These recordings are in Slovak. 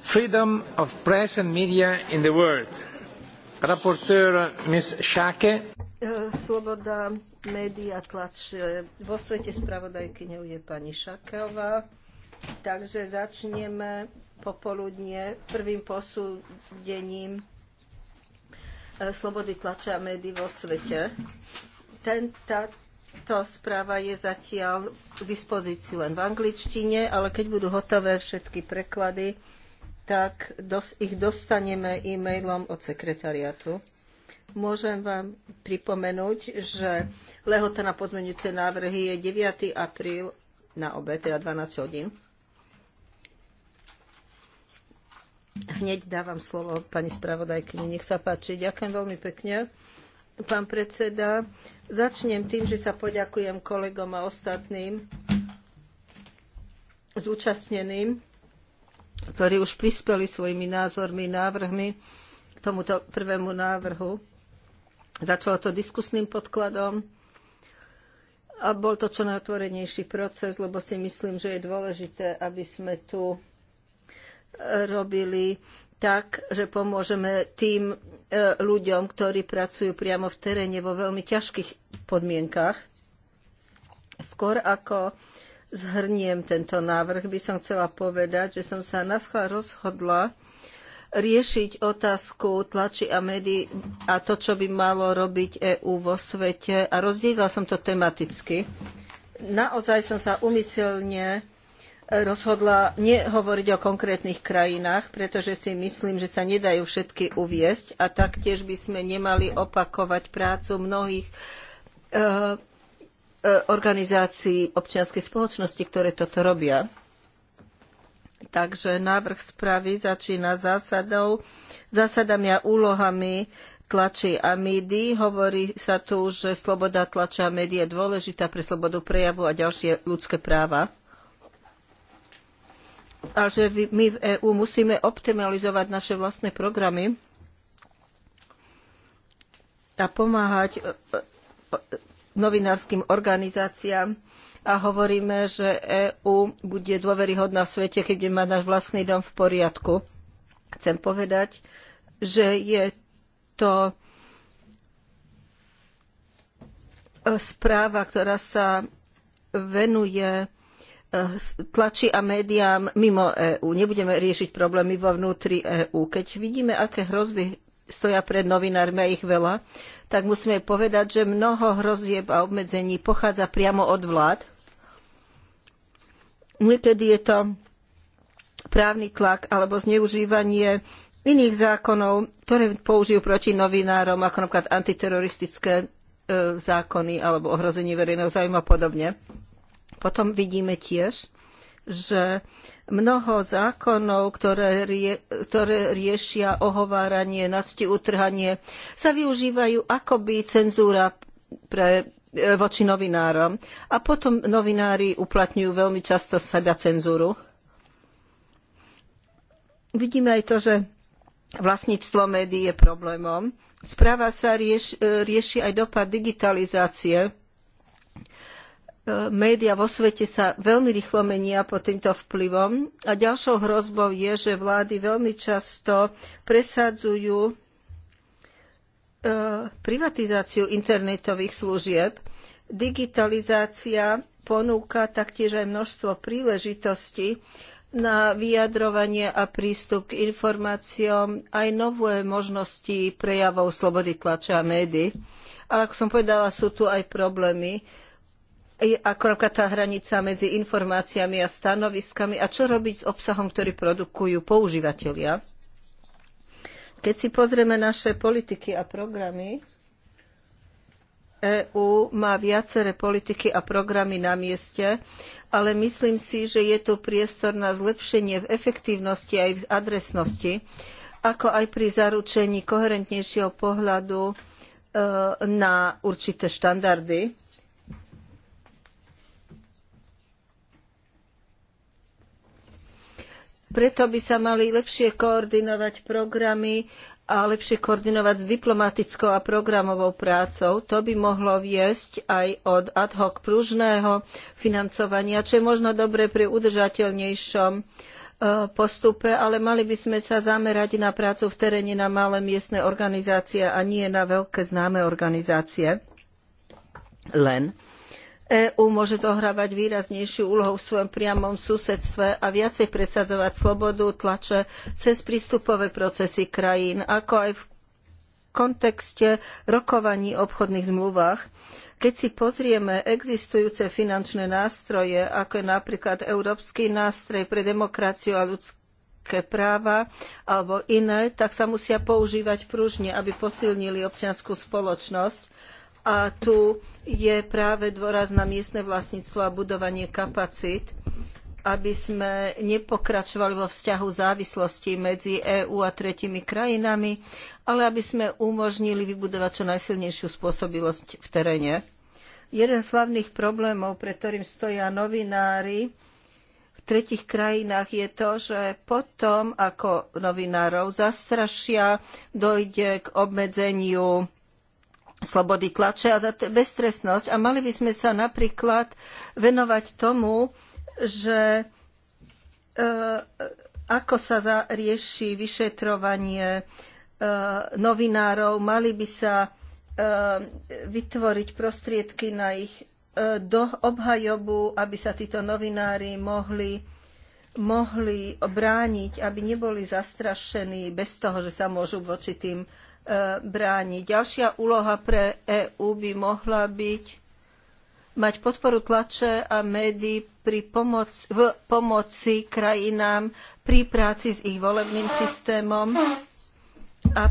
Freedom of press and media in the world. Rapporteur Ms. Schake. Eh, Sloboda médií a tlač eh, Vo svete spravodajkyňou je pani Šakeová. Takže začneme popoludne prvým posúdením eh, slobody tlače a médií vo svete. Ten, tá, táto správa je zatiaľ k dispozícii len v angličtine, ale keď budú hotové všetky preklady, tak ich dostaneme e-mailom od sekretariatu. Môžem vám pripomenúť, že lehota na pozmeňujúce návrhy je 9. apríl na obe, teda 12 hodín. Hneď dávam slovo pani spravodajkyni. Nech sa páči. Ďakujem veľmi pekne. Pán predseda, začnem tým, že sa poďakujem kolegom a ostatným zúčastneným, ktorí už prispeli svojimi názormi, návrhmi k tomuto prvému návrhu. Začalo to diskusným podkladom a bol to čo najotvorenejší proces, lebo si myslím, že je dôležité, aby sme tu robili tak, že pomôžeme tým e, ľuďom, ktorí pracujú priamo v teréne vo veľmi ťažkých podmienkach. Skôr ako zhrniem tento návrh, by som chcela povedať, že som sa naschvál rozhodla riešiť otázku tlači a médií a to, čo by malo robiť EÚ vo svete a rozdielila som to tematicky. Naozaj som sa umyselne rozhodla nehovoriť o konkrétnych krajinách, pretože si myslím, že sa nedajú všetky uviesť a taktiež by sme nemali opakovať prácu mnohých e, e, organizácií občianskej spoločnosti, ktoré toto robia. Takže návrh správy začína zásadou, zásadami a úlohami tlačí a médií. Hovorí sa tu, že sloboda tlače a médií je dôležitá pre slobodu prejavu a ďalšie ľudské práva a že my v EÚ musíme optimalizovať naše vlastné programy a pomáhať e, e, novinárskym organizáciám a hovoríme, že EÚ bude dôveryhodná v svete, keď bude mať náš vlastný dom v poriadku. Chcem povedať, že je to e, správa, ktorá sa venuje tlači a médiám mimo EÚ. Nebudeme riešiť problémy vo vnútri EÚ. Keď vidíme, aké hrozby stoja pred novinármi a ich veľa, tak musíme povedať, že mnoho hrozieb a obmedzení pochádza priamo od vlád. Niekedy je to právny tlak alebo zneužívanie iných zákonov, ktoré použijú proti novinárom, ako napríklad antiteroristické e, zákony alebo ohrozenie verejného záujmu a podobne. Potom vidíme tiež, že mnoho zákonov, ktoré, rie, ktoré riešia ohováranie, nadsti utrhanie, sa využívajú akoby cenzúra pre, e, voči novinárom. A potom novinári uplatňujú veľmi často seba cenzúru. Vidíme aj to, že vlastníctvo médií je problémom. Správa sa rieš, e, rieši aj dopad digitalizácie E, média vo svete sa veľmi rýchlo menia pod týmto vplyvom a ďalšou hrozbou je, že vlády veľmi často presadzujú e, privatizáciu internetových služieb. Digitalizácia ponúka taktiež aj množstvo príležitostí na vyjadrovanie a prístup k informáciám, aj nové možnosti prejavov slobody tlače a médií. Ale ako som povedala, sú tu aj problémy ako tá hranica medzi informáciami a stanoviskami a čo robiť s obsahom, ktorý produkujú používatelia. Keď si pozrieme naše politiky a programy, EÚ má viaceré politiky a programy na mieste, ale myslím si, že je tu priestor na zlepšenie v efektívnosti aj v adresnosti, ako aj pri zaručení koherentnejšieho pohľadu e, na určité štandardy Preto by sa mali lepšie koordinovať programy a lepšie koordinovať s diplomatickou a programovou prácou. To by mohlo viesť aj od ad hoc pružného financovania, čo je možno dobre pri udržateľnejšom e, postupe, ale mali by sme sa zamerať na prácu v teréne na malé miestne organizácie a nie na veľké známe organizácie len. EÚ môže zohrávať výraznejšiu úlohu v svojom priamom susedstve a viacej presadzovať slobodu tlače cez prístupové procesy krajín, ako aj v kontexte rokovaní o obchodných zmluvách. Keď si pozrieme existujúce finančné nástroje, ako je napríklad Európsky nástroj pre demokraciu a ľudské práva alebo iné, tak sa musia používať pružne, aby posilnili občiansku spoločnosť a tu je práve dôraz na miestne vlastníctvo a budovanie kapacít, aby sme nepokračovali vo vzťahu závislosti medzi EÚ a tretimi krajinami, ale aby sme umožnili vybudovať čo najsilnejšiu spôsobilosť v teréne. Jeden z hlavných problémov, pre ktorým stoja novinári, v tretich krajinách je to, že potom, ako novinárov zastrašia, dojde k obmedzeniu slobody tlače a za beztrestnosť. A mali by sme sa napríklad venovať tomu, že e, ako sa rieši vyšetrovanie e, novinárov, mali by sa e, vytvoriť prostriedky na ich e, do obhajobu, aby sa títo novinári mohli, mohli brániť, aby neboli zastrašení bez toho, že sa môžu voči tým brániť. Ďalšia úloha pre EÚ by mohla byť mať podporu tlače a médií pri pomoc, v pomoci krajinám pri práci s ich volebným systémom a,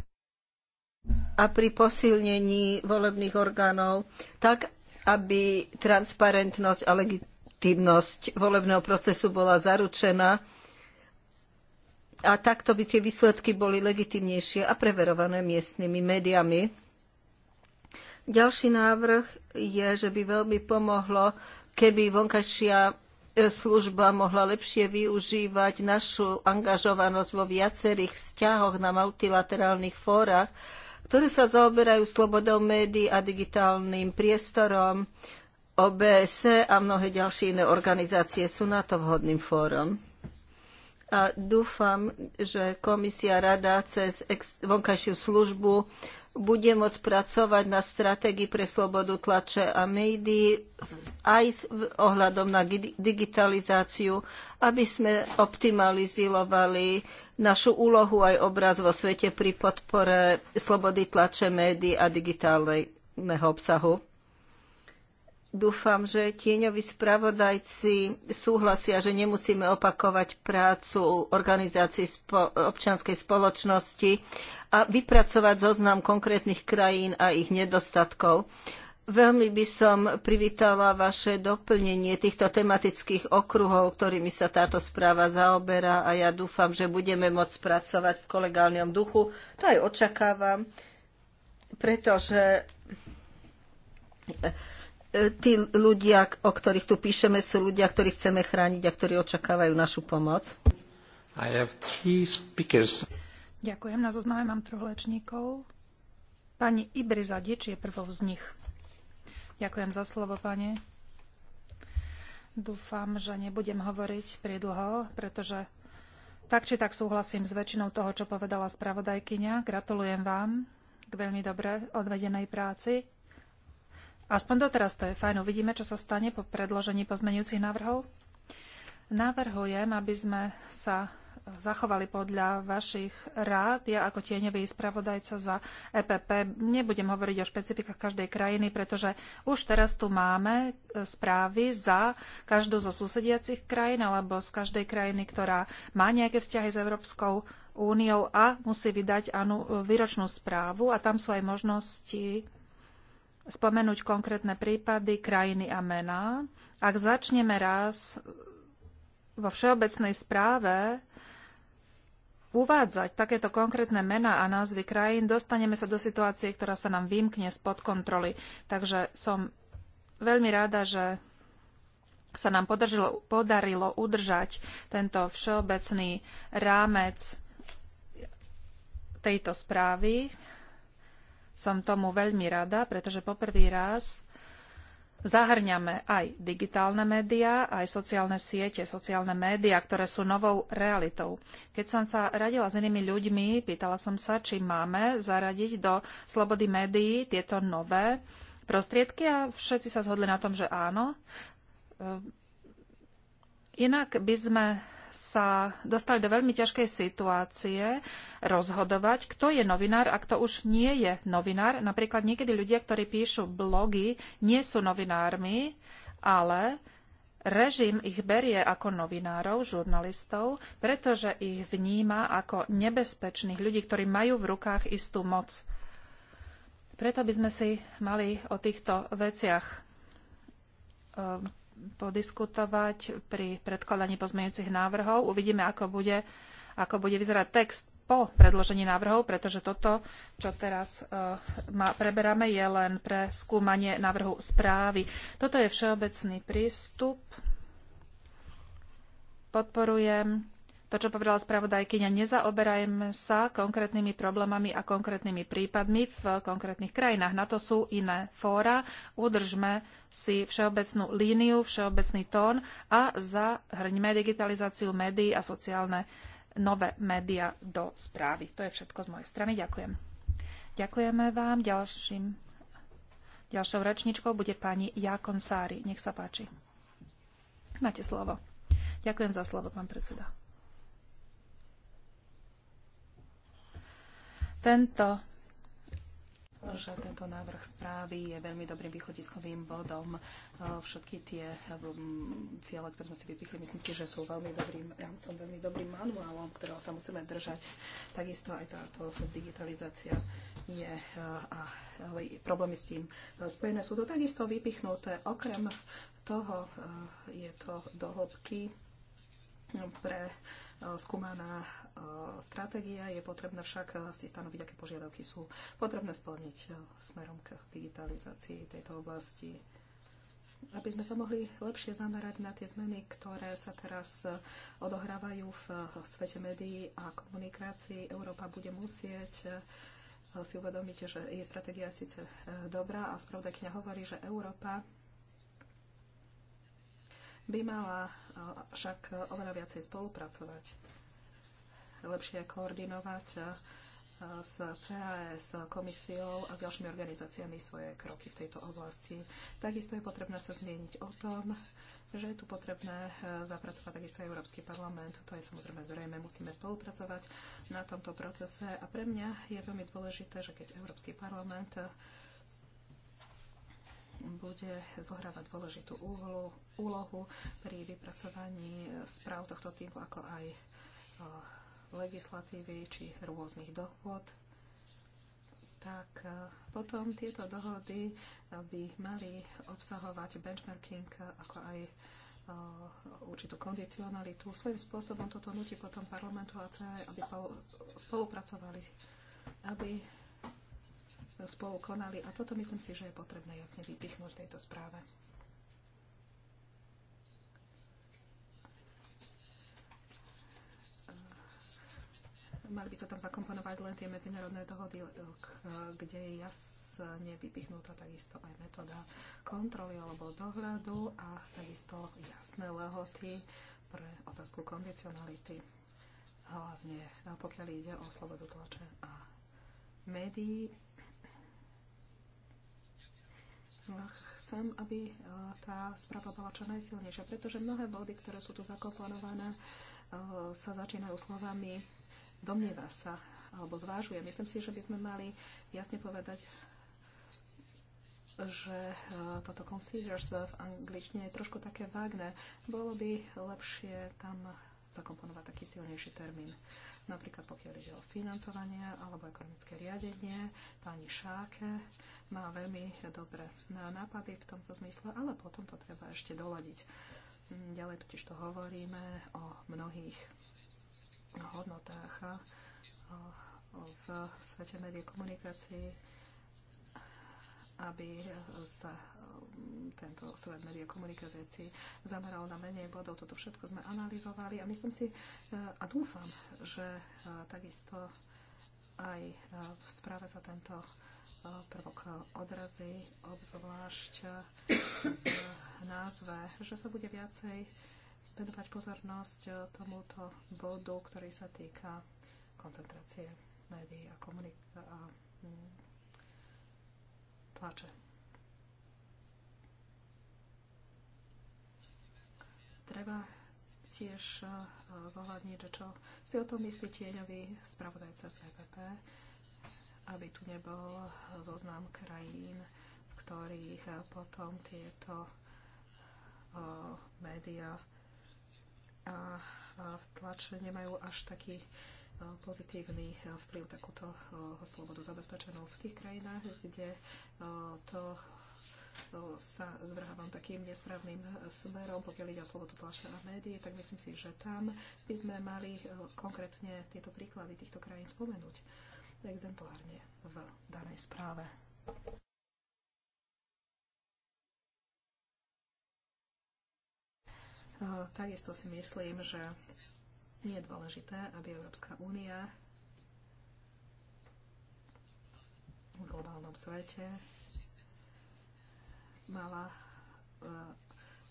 a pri posilnení volebných orgánov, tak aby transparentnosť a legitimnosť volebného procesu bola zaručená a takto by tie výsledky boli legitimnejšie a preverované miestnymi médiami. Ďalší návrh je, že by veľmi pomohlo, keby vonkajšia e, služba mohla lepšie využívať našu angažovanosť vo viacerých vzťahoch na multilaterálnych fórach, ktoré sa zaoberajú slobodou médií a digitálnym priestorom. OBSE a mnohé ďalšie iné organizácie sú na to vhodným fórom a dúfam, že komisia rada cez vonkajšiu službu bude môcť pracovať na stratégii pre slobodu tlače a médií aj s ohľadom na digitalizáciu, aby sme optimalizovali našu úlohu aj obraz vo svete pri podpore slobody tlače médií a digitálneho obsahu. Dúfam, že tieňoví spravodajci súhlasia, že nemusíme opakovať prácu organizácií spo- občianskej spoločnosti a vypracovať zoznam konkrétnych krajín a ich nedostatkov. Veľmi by som privítala vaše doplnenie týchto tematických okruhov, ktorými sa táto správa zaoberá a ja dúfam, že budeme môcť pracovať v kolegálnom duchu. To aj očakávam, pretože E, tí ľudia, o ktorých tu píšeme, sú ľudia, ktorí chceme chrániť a ktorí očakávajú našu pomoc. Ďakujem. Na zozname mám troch lečníkov. Pani Ibriza Dič je prvou z nich. Ďakujem za slovo, pane. Dúfam, že nebudem hovoriť pridlho, pretože tak či tak súhlasím s väčšinou toho, čo povedala spravodajkyňa. Gratulujem vám k veľmi dobre odvedenej práci. Aspoň doteraz to je fajn. Uvidíme, čo sa stane po predložení pozmenujúcich návrhov. Navrhujem, aby sme sa e, zachovali podľa vašich rád. Ja ako tieňový spravodajca za EPP nebudem hovoriť o špecifikách každej krajiny, pretože už teraz tu máme e, správy za každú zo susediacich krajín alebo z každej krajiny, ktorá má nejaké vzťahy s Európskou úniou a musí vydať výročnú správu a tam sú aj možnosti spomenúť konkrétne prípady, krajiny a mená. Ak začneme raz vo všeobecnej správe uvádzať takéto konkrétne mená a názvy krajín, dostaneme sa do situácie, ktorá sa nám vymkne spod kontroly. Takže som veľmi rada, že sa nám podržilo, podarilo udržať tento všeobecný rámec tejto správy som tomu veľmi rada, pretože poprvý raz zahrňame aj digitálne médiá, aj sociálne siete, sociálne médiá, ktoré sú novou realitou. Keď som sa radila s inými ľuďmi, pýtala som sa, či máme zaradiť do slobody médií tieto nové prostriedky a všetci sa zhodli na tom, že áno. Inak by sme sa dostali do veľmi ťažkej situácie rozhodovať, kto je novinár a kto už nie je novinár. Napríklad niekedy ľudia, ktorí píšu blogy, nie sú novinármi, ale režim ich berie ako novinárov, žurnalistov, pretože ich vníma ako nebezpečných ľudí, ktorí majú v rukách istú moc. Preto by sme si mali o týchto veciach ehm, podiskutovať pri predkladaní pozmeňujúcich návrhov. Uvidíme, ako bude, ako bude vyzerať text po predložení návrhov, pretože toto, čo teraz uh, ma, preberáme, je len pre skúmanie návrhu správy. Toto je všeobecný prístup. Podporujem to, čo povedala spravodajkyňa, nezaoberajme sa konkrétnymi problémami a konkrétnymi prípadmi v konkrétnych krajinách. Na to sú iné fóra. Udržme si všeobecnú líniu, všeobecný tón a zahrňme digitalizáciu médií a sociálne nové médiá do správy. To je všetko z mojej strany. Ďakujem. Ďakujeme vám. Ďalším, ďalšou rečničkou bude pani Jakon Sári. Nech sa páči. Máte slovo. Ďakujem za slovo, pán predseda. Tento že tento návrh správy je veľmi dobrým východiskovým bodom. E, všetky tie e, ciele, ktoré sme si vypichli, myslím si, že sú veľmi dobrým rámcom, veľmi dobrým manuálom, ktorého sa musíme držať. Takisto aj táto digitalizácia je e, a problémy s tým spojené sú tu takisto vypichnuté. Okrem toho je to dohlbky pre e, skúmaná e, stratégia. Je potrebné však e, si stanoviť, aké požiadavky sú potrebné splniť smerom k digitalizácii tejto oblasti aby sme sa mohli lepšie zamerať na tie zmeny, ktoré sa teraz odohrávajú v svete médií a komunikácií. Európa bude musieť si uvedomiť, že jej stratégia je síce dobrá a spravodajkňa hovorí, že Európa by mala e, však oveľa viacej spolupracovať, lepšie koordinovať e, s CAS, e, komisiou a s ďalšími organizáciami svoje kroky v tejto oblasti. Takisto je potrebné sa zmieniť o tom, že je tu potrebné zapracovať takisto Európsky parlament. To je samozrejme zrejme, musíme spolupracovať na tomto procese. A pre mňa je veľmi dôležité, že keď Európsky parlament bude zohrávať dôležitú úlohu, pri vypracovaní správ tohto typu, ako aj e, legislatívy či rôznych dohôd, tak e, potom tieto dohody by mali obsahovať benchmarking ako aj e, určitú kondicionalitu. Svojím spôsobom toto nutí potom parlamentu a CE, aby spolupracovali, aby spolu konali a toto myslím si, že je potrebné jasne vypichnúť v tejto správe. mali by sa tam zakomponovať len tie medzinárodné dohody, e, e, kde je jasne vypichnutá takisto aj metóda kontroly alebo dohľadu a takisto jasné lehoty pre otázku kondicionality, hlavne e, pokiaľ ide o slobodu tlače a médií No chcem, aby e, tá správa bola čo najsilnejšia, pretože mnohé body, ktoré sú tu zakomponované, e, sa začínajú slovami domnieva sa alebo zvážuje. Myslím si, že by sme mali jasne povedať, že e, toto considers v angličtine je trošku také vágne. Bolo by lepšie tam zakomponovať taký silnejší termín napríklad pokiaľ ide o financovanie alebo ekonomické riadenie. Pani Šáke má veľmi dobré nápady v tomto zmysle, ale potom to treba ešte doladiť. Ďalej totiž to hovoríme o mnohých hodnotách v svete médií komunikácií aby sa um, tento svet médií a komunikácií zameral na menej bodov. Toto všetko sme analyzovali a myslím si eh, a dúfam, že eh, takisto aj eh, v správe sa tento prvok odrazí, obzvlášť v názve, že sa bude viacej venovať pozornosť tomuto bodu, ktorý sa týka koncentrácie médií a komunikácií plače. Treba tiež e, zohľadniť, že čo si o tom myslí tieňový spravodajca z EPP, aby tu nebol zoznam krajín, v ktorých e, potom tieto e, médiá a, a tlače nemajú až taký pozitívny vplyv takúto eh, slobodu zabezpečenú v tých krajinách, kde eh, to eh, sa zvrhávam takým nesprávnym smerom, pokiaľ ide o slobodu tlače a médií, tak myslím si, že tam by sme mali konkrétne tieto príklady týchto krajín spomenúť exemplárne v danej správe. Takisto si myslím, že je dôležité, aby Európska únia v globálnom svete mala eh,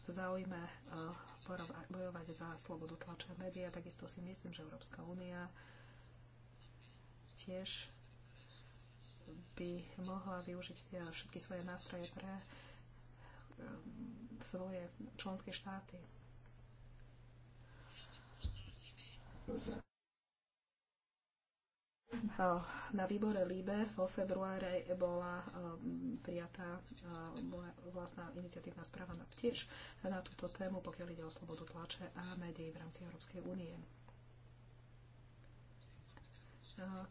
v záujme eh, bojovať za slobodu tlače a médiá. Takisto si myslím, že Európska únia tiež by mohla využiť všetky svoje nástroje pre eh, svoje členské štáty Hm. Hm. Na výbore LIBE vo februári bola hm, prijatá moja vlastná iniciatívna správa na tiež na túto tému, pokiaľ ide o slobodu tlače a médií v rámci Európskej únie.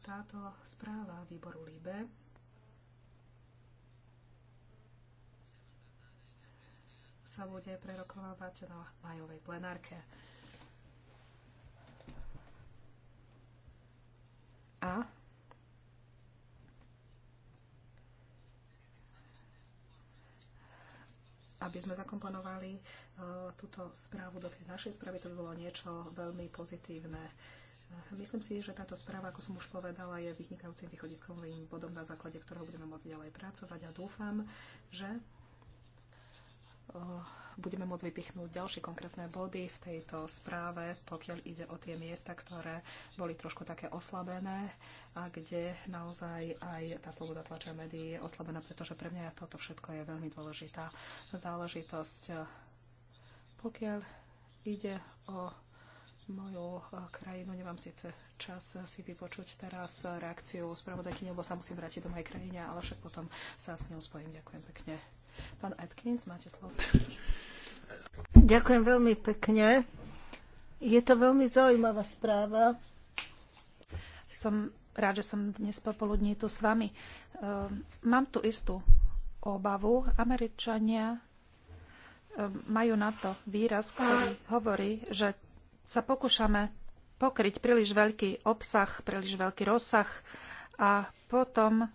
Táto správa výboru LIBE sa bude prerokovávať na majovej plenárke. A aby sme zakomponovali e, túto správu do tej našej správy, to by bolo niečo veľmi pozitívne. E, myslím si, že táto správa, ako som už povedala, je vynikajúcim východiskovým bodom, na základe ktorého budeme môcť ďalej pracovať a dúfam, že Eh, budeme môcť vypichnúť ďalšie konkrétne body v tejto správe, pokiaľ ide o tie miesta, ktoré boli trošku také oslabené a kde naozaj aj tá sloboda tlače médií je oslabená, pretože pre mňa toto všetko je veľmi dôležitá záležitosť. Pokiaľ ide o moju eh, krajinu. Nemám síce čas si vypočuť teraz reakciu spravodajky, lebo sa musím vrátiť do mojej krajine, ale však potom sa s ňou spojím. Ďakujem pekne. Pán Atkins, máte slovo. Ďakujem veľmi pekne. Je to veľmi zaujímavá správa. Som rád, že som dnes popoludní tu s vami. Ehm, mám tu istú obavu. Američania ehm, majú na to výraz, ktorý hovorí, že sa pokúšame pokryť príliš veľký obsah, príliš veľký rozsah a potom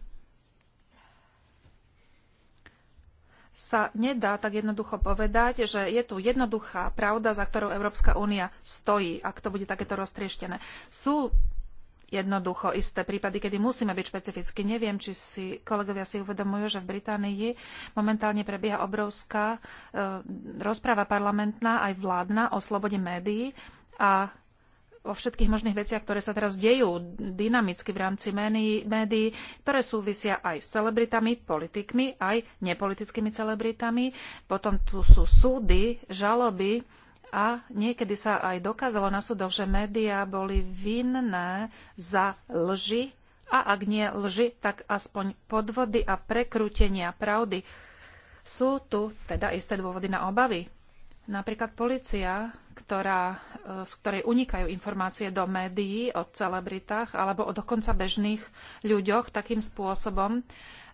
sa nedá tak jednoducho povedať, že je tu jednoduchá pravda, za ktorou Európska únia stojí, ak to bude takéto roztrieštené. Sú jednoducho isté prípady, kedy musíme byť špecificky. Neviem, či si kolegovia si uvedomujú, že v Británii momentálne prebieha obrovská e, rozpráva parlamentná aj vládna o slobode médií a o všetkých možných veciach, ktoré sa teraz dejú dynamicky v rámci médií, ktoré súvisia aj s celebritami, politikmi, aj nepolitickými celebritami. Potom tu sú súdy, žaloby a niekedy sa aj dokázalo na súdoch, že médiá boli vinné za lži a ak nie lži, tak aspoň podvody a prekrútenia pravdy. Sú tu teda isté dôvody na obavy. Napríklad policia ktorá, e, z ktorej unikajú informácie do médií o celebritách alebo o dokonca bežných ľuďoch takým spôsobom, e,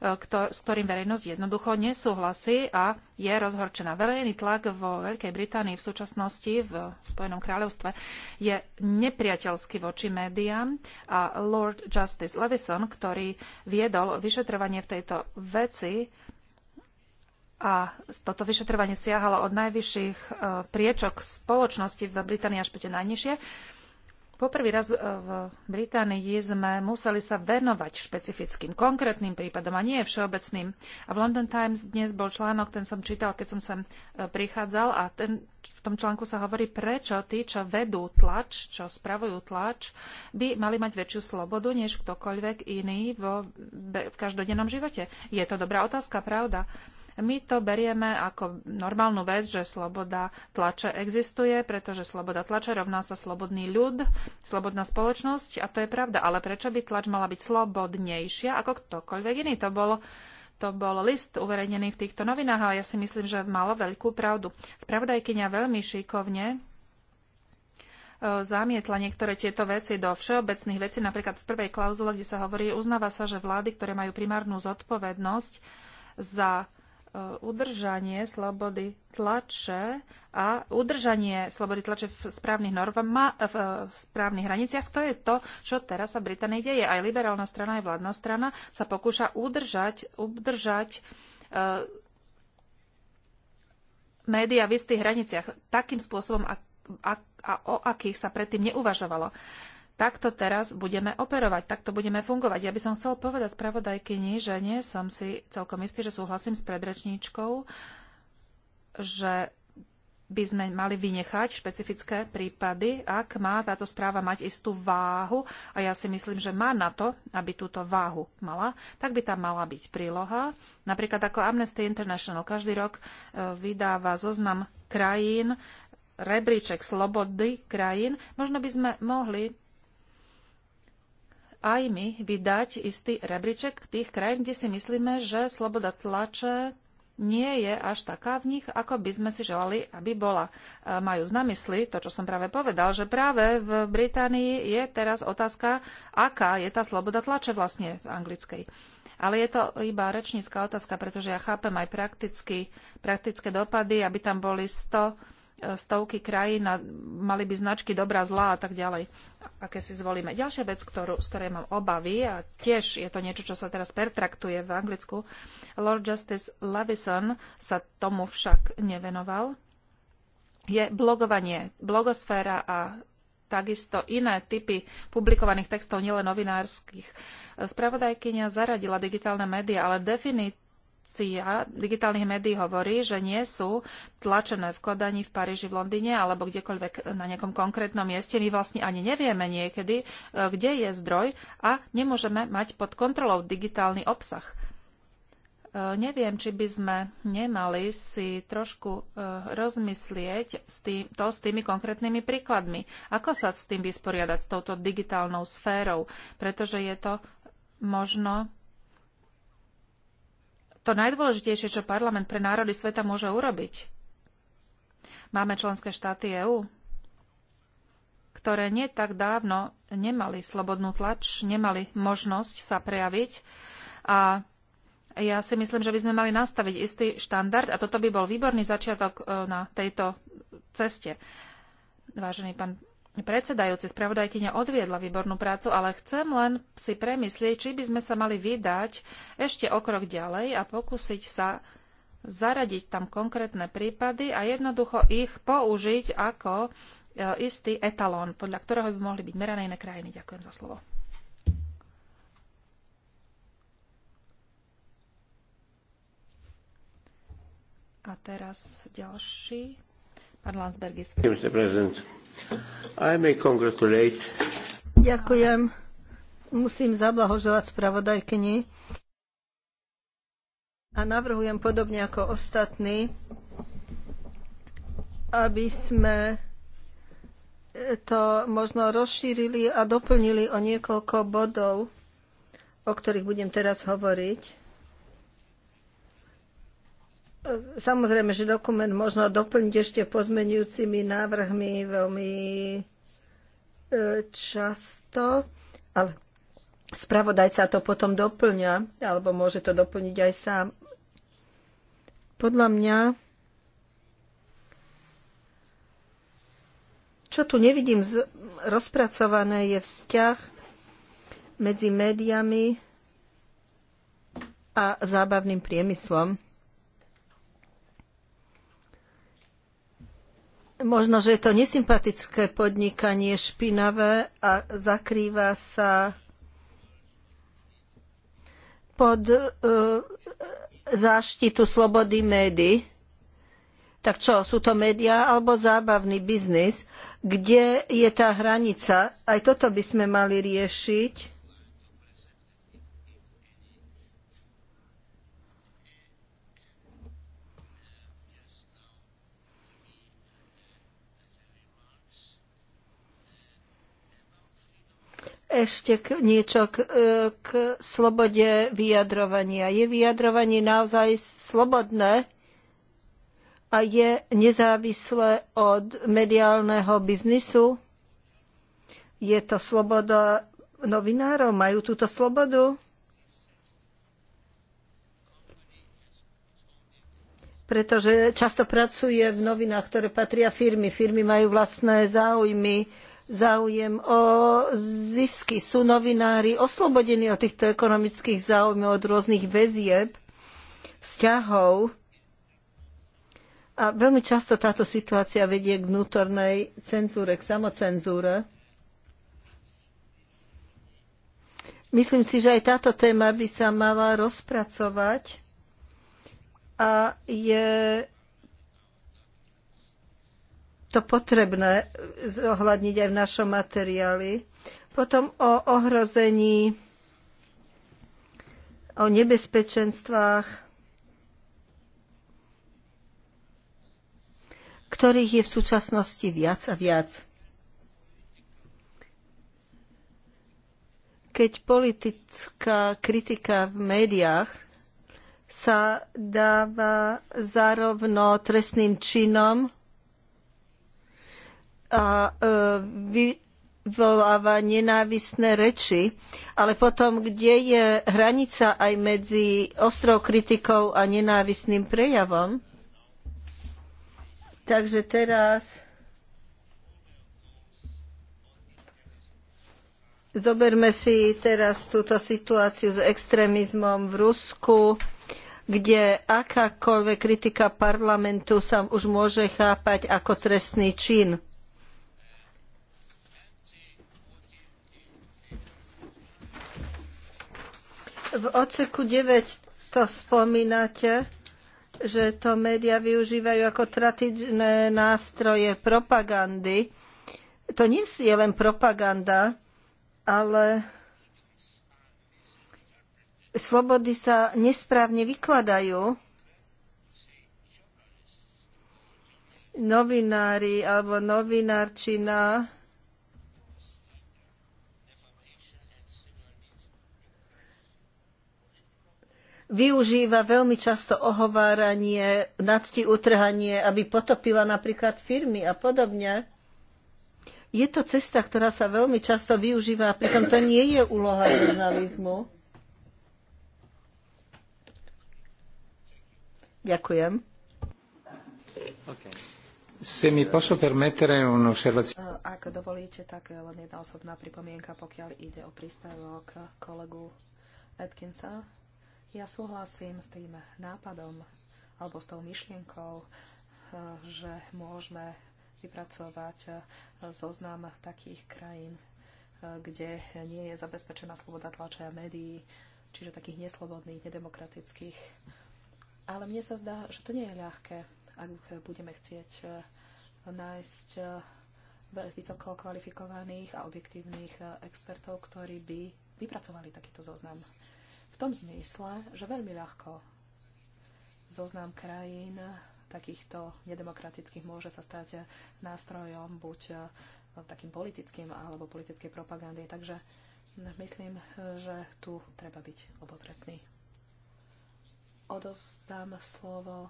ktor s ktorým verejnosť jednoducho nesúhlasí a je rozhorčená. Verejný tlak vo Veľkej Británii v súčasnosti, v Spojenom kráľovstve, je nepriateľský voči médiám a Lord Justice Levison, ktorý viedol vyšetrovanie v tejto veci, a toto vyšetrovanie siahalo od najvyšších e, priečok spoločnosti v Británii až po tie najnižšie. Poprvý raz e, v Británii sme museli sa venovať špecifickým, konkrétnym prípadom a nie všeobecným. A v London Times dnes bol článok, ten som čítal, keď som sem e, prichádzal a ten, v tom článku sa hovorí, prečo tí, čo vedú tlač, čo spravujú tlač, by mali mať väčšiu slobodu než ktokoľvek iný vo, v každodennom živote. Je to dobrá otázka, pravda? My to berieme ako normálnu vec, že sloboda tlače existuje, pretože sloboda tlače rovná sa slobodný ľud, slobodná spoločnosť a to je pravda. Ale prečo by tlač mala byť slobodnejšia ako ktokoľvek iný? To bol to bol list uverejnený v týchto novinách a ja si myslím, že malo veľkú pravdu. Spravodajkynia veľmi šikovne e, zamietla niektoré tieto veci do všeobecných vecí, napríklad v prvej klauzule, kde sa hovorí, uznáva sa, že vlády, ktoré majú primárnu zodpovednosť za udržanie slobody tlače a udržanie slobody tlače v správnych, norma, v správnych hraniciach, to je to, čo teraz sa Británii deje. Aj liberálna strana, aj vládna strana sa pokúša udržať, udržať e, média v istých hraniciach takým spôsobom, a, a, a o akých sa predtým neuvažovalo. E, takto teraz budeme operovať, takto budeme fungovať. Ja by som chcel povedať spravodajkyni, že nie som si celkom istý, že súhlasím s predrečníčkou, že by sme mali vynechať špecifické prípady, ak má táto správa mať istú váhu, a ja si myslím, že má na to, aby túto váhu mala, tak by tam mala byť príloha. Napríklad ako Amnesty International každý rok e, vydáva zoznam krajín, rebríček slobody krajín. Možno by sme mohli aj my vydať istý rebríček tých krajín, kde si myslíme, že sloboda tlače nie je až taká v nich, ako by sme si želali, aby bola. E, majú na mysli to, čo som práve povedal, že práve v Británii je teraz otázka, aká je tá sloboda tlače vlastne v anglickej. Ale je to iba rečnícka otázka, pretože ja chápem aj prakticky, praktické dopady, aby tam boli 100 stovky krajín a mali by značky dobrá, zlá a tak ďalej, aké si zvolíme. Ďalšia vec, ktorú, z ktorej mám obavy, a tiež je to niečo, čo sa teraz pertraktuje v Anglicku, Lord Justice Levison sa tomu však nevenoval, je blogovanie, blogosféra a takisto iné typy publikovaných textov, nielen novinárskych. Spravodajkynia zaradila digitálne médiá, ale definitívne cia digitálnych médií hovorí, že nie sú tlačené v Kodani, v Paríži, v Londýne alebo kdekoľvek na nejakom konkrétnom mieste. My vlastne ani nevieme niekedy, e, kde je zdroj a nemôžeme mať pod kontrolou digitálny obsah. E, neviem, či by sme nemali si trošku e, rozmyslieť to s tými konkrétnymi príkladmi. Ako sa s tým vysporiadať, s touto digitálnou sférou? Pretože je to možno to najdôležitejšie, čo parlament pre národy sveta môže urobiť. Máme členské štáty EÚ, ktoré nie tak dávno nemali slobodnú tlač, nemali možnosť sa prejaviť a ja si myslím, že by sme mali nastaviť istý štandard a toto by bol výborný začiatok e, na tejto ceste. Vážený pán predsedajúci spravodajkyňa odviedla výbornú prácu, ale chcem len si premyslieť, či by sme sa mali vydať ešte o krok ďalej a pokúsiť sa zaradiť tam konkrétne prípady a jednoducho ich použiť ako e, istý etalón, podľa ktorého by mohli byť merané iné krajiny. Ďakujem za slovo. A teraz ďalší Pán Ďakujem. Musím zablahoželať spravodajkyni. A navrhujem podobne ako ostatní, aby sme to možno rozšírili a doplnili o niekoľko bodov, o ktorých budem teraz hovoriť. Samozrejme, že dokument možno doplniť ešte pozmenujúcimi návrhmi veľmi e, často, ale spravodajca to potom doplňa, alebo môže to doplniť aj sám. Podľa mňa, čo tu nevidím rozpracované, je vzťah medzi médiami a zábavným priemyslom. Možno, že je to nesympatické podnikanie, špinavé a zakrýva sa pod uh, záštitu slobody médií. Tak čo, sú to médiá alebo zábavný biznis? Kde je tá hranica? Aj toto by sme mali riešiť ešte k, niečo k, e, k slobode vyjadrovania. Je vyjadrovanie naozaj slobodné a je nezávislé od mediálneho biznisu? Je to sloboda novinárov? Majú túto slobodu? Pretože často pracuje v novinách, ktoré patria firmy. Firmy majú vlastné záujmy záujem o zisky. Sú novinári oslobodení od týchto ekonomických záujmov, od rôznych väzieb, vzťahov. A veľmi často táto situácia vedie k vnútornej cenzúre, k samocenzúre. Myslím si, že aj táto téma by sa mala rozpracovať a je to potrebné zohľadniť aj v našom materiáli. Potom o ohrození, o nebezpečenstvách, ktorých je v súčasnosti viac a viac. Keď politická kritika v médiách sa dáva zárovno trestným činom, a e, vyvoláva nenávisné reči, ale potom, kde je hranica aj medzi ostrou kritikou a nenávisným prejavom? Takže teraz zoberme si teraz túto situáciu s extrémizmom v Rusku kde akákoľvek kritika parlamentu sa už môže chápať ako trestný čin. V odseku 9 to spomínate, že to médiá využívajú ako tradičné nástroje propagandy. To nie je len propaganda, ale slobody sa nesprávne vykladajú. Novinári alebo novinárčina využíva veľmi často ohováranie, nadsti utrhanie, aby potopila napríklad firmy a podobne. Je to cesta, ktorá sa veľmi často využíva a pritom to nie je úloha žurnalizmu. Ďakujem. Okay. Ak dovolíte, tak len jedna osobná pripomienka, pokiaľ ide o príspevok kolegu Atkinsa ja súhlasím s tým nápadom alebo s tou myšlienkou, eh, že môžeme vypracovať eh, zoznam takých krajín, eh, kde nie je zabezpečená sloboda tlače a médií, čiže takých neslobodných, nedemokratických. Ale mne sa zdá, že to nie je ľahké, ak budeme chcieť nájsť vysoko kvalifikovaných a objektívnych expertov, ktorí by vypracovali takýto zoznam v tom zmysle, že veľmi ľahko zoznam krajín takýchto nedemokratických môže sa stať nástrojom buď eh, takým politickým alebo politickej propagandy. Takže myslím, že tu treba byť obozretný. Odovzdám slovo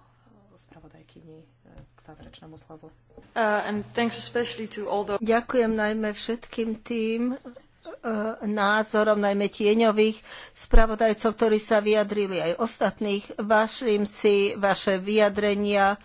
spravodajkyni eh, k záverečnému slovu. Uh, the... Ďakujem najmä všetkým tým, E, názorom najmä tieňových spravodajcov, ktorí sa vyjadrili aj ostatných. Vášim si vaše vyjadrenia.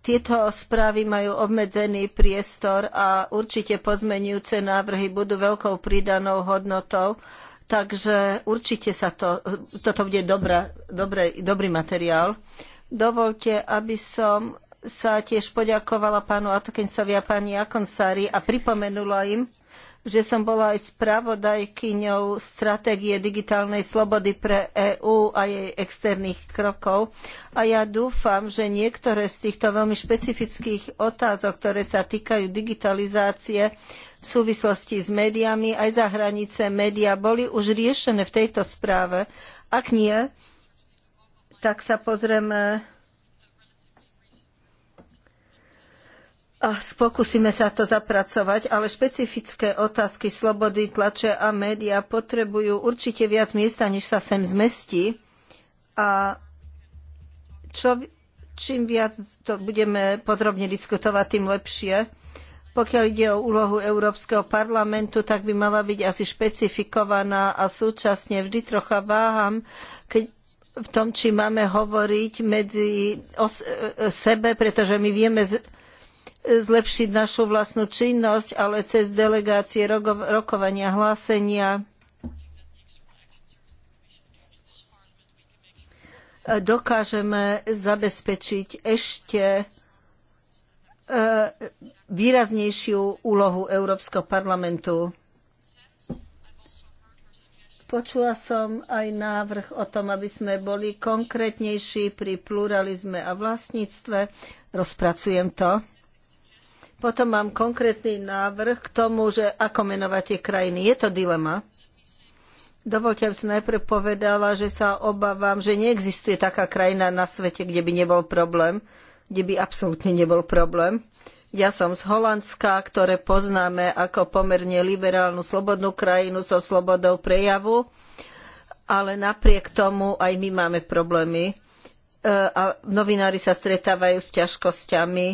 Tieto správy majú obmedzený priestor a určite pozmenujúce návrhy budú veľkou pridanou hodnotou, takže určite sa to, toto bude dobrá, dobrý, dobrý materiál. Dovolte, aby som sa tiež poďakovala pánu Atkinsovi a pani Akonsári a pripomenula im, že som bola aj spravodajkyňou stratégie digitálnej slobody pre EÚ a jej externých krokov. A ja dúfam, že niektoré z týchto veľmi špecifických otázok, ktoré sa týkajú digitalizácie v súvislosti s médiami aj za hranice média, boli už riešené v tejto správe. Ak nie, tak sa pozrieme a pokúsime sa to zapracovať, ale špecifické otázky slobody tlače a média potrebujú určite viac miesta, než sa sem zmestí. A čo, čím viac to budeme podrobne diskutovať, tým lepšie. Pokiaľ ide o úlohu Európskeho parlamentu, tak by mala byť asi špecifikovaná a súčasne vždy trocha váham, keď v tom, či máme hovoriť medzi os- sebe, pretože my vieme zlepšiť našu vlastnú činnosť, ale cez delegácie, rokovania, hlásenia. dokážeme zabezpečiť ešte e, výraznejšiu úlohu Európskeho parlamentu. Počula som aj návrh o tom, aby sme boli konkrétnejší pri pluralizme a vlastníctve. Rozpracujem to. Potom mám konkrétny návrh k tomu, že ako menovať tie krajiny. Je to dilema. Dovolte, aby som najprv povedala, že sa obávam, že neexistuje taká krajina na svete, kde by nebol problém, kde by absolútne nebol problém. Ja som z Holandska, ktoré poznáme ako pomerne liberálnu, slobodnú krajinu so slobodou prejavu, ale napriek tomu aj my máme problémy e, a novinári sa stretávajú s ťažkosťami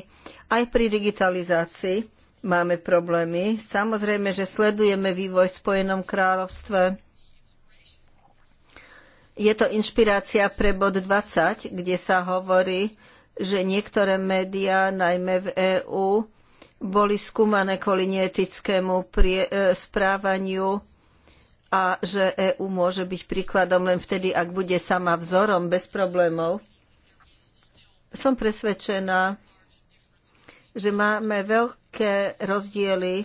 aj pri digitalizácii máme problémy. Samozrejme, že sledujeme vývoj v Spojenom kráľovstve. Je to inšpirácia pre bod 20, kde sa hovorí, že niektoré médiá, najmä v EÚ, boli skúmané kvôli neetickému e, správaniu a že EÚ môže byť príkladom len vtedy, ak bude sama vzorom, bez problémov. Som presvedčená, že máme veľké rozdiely,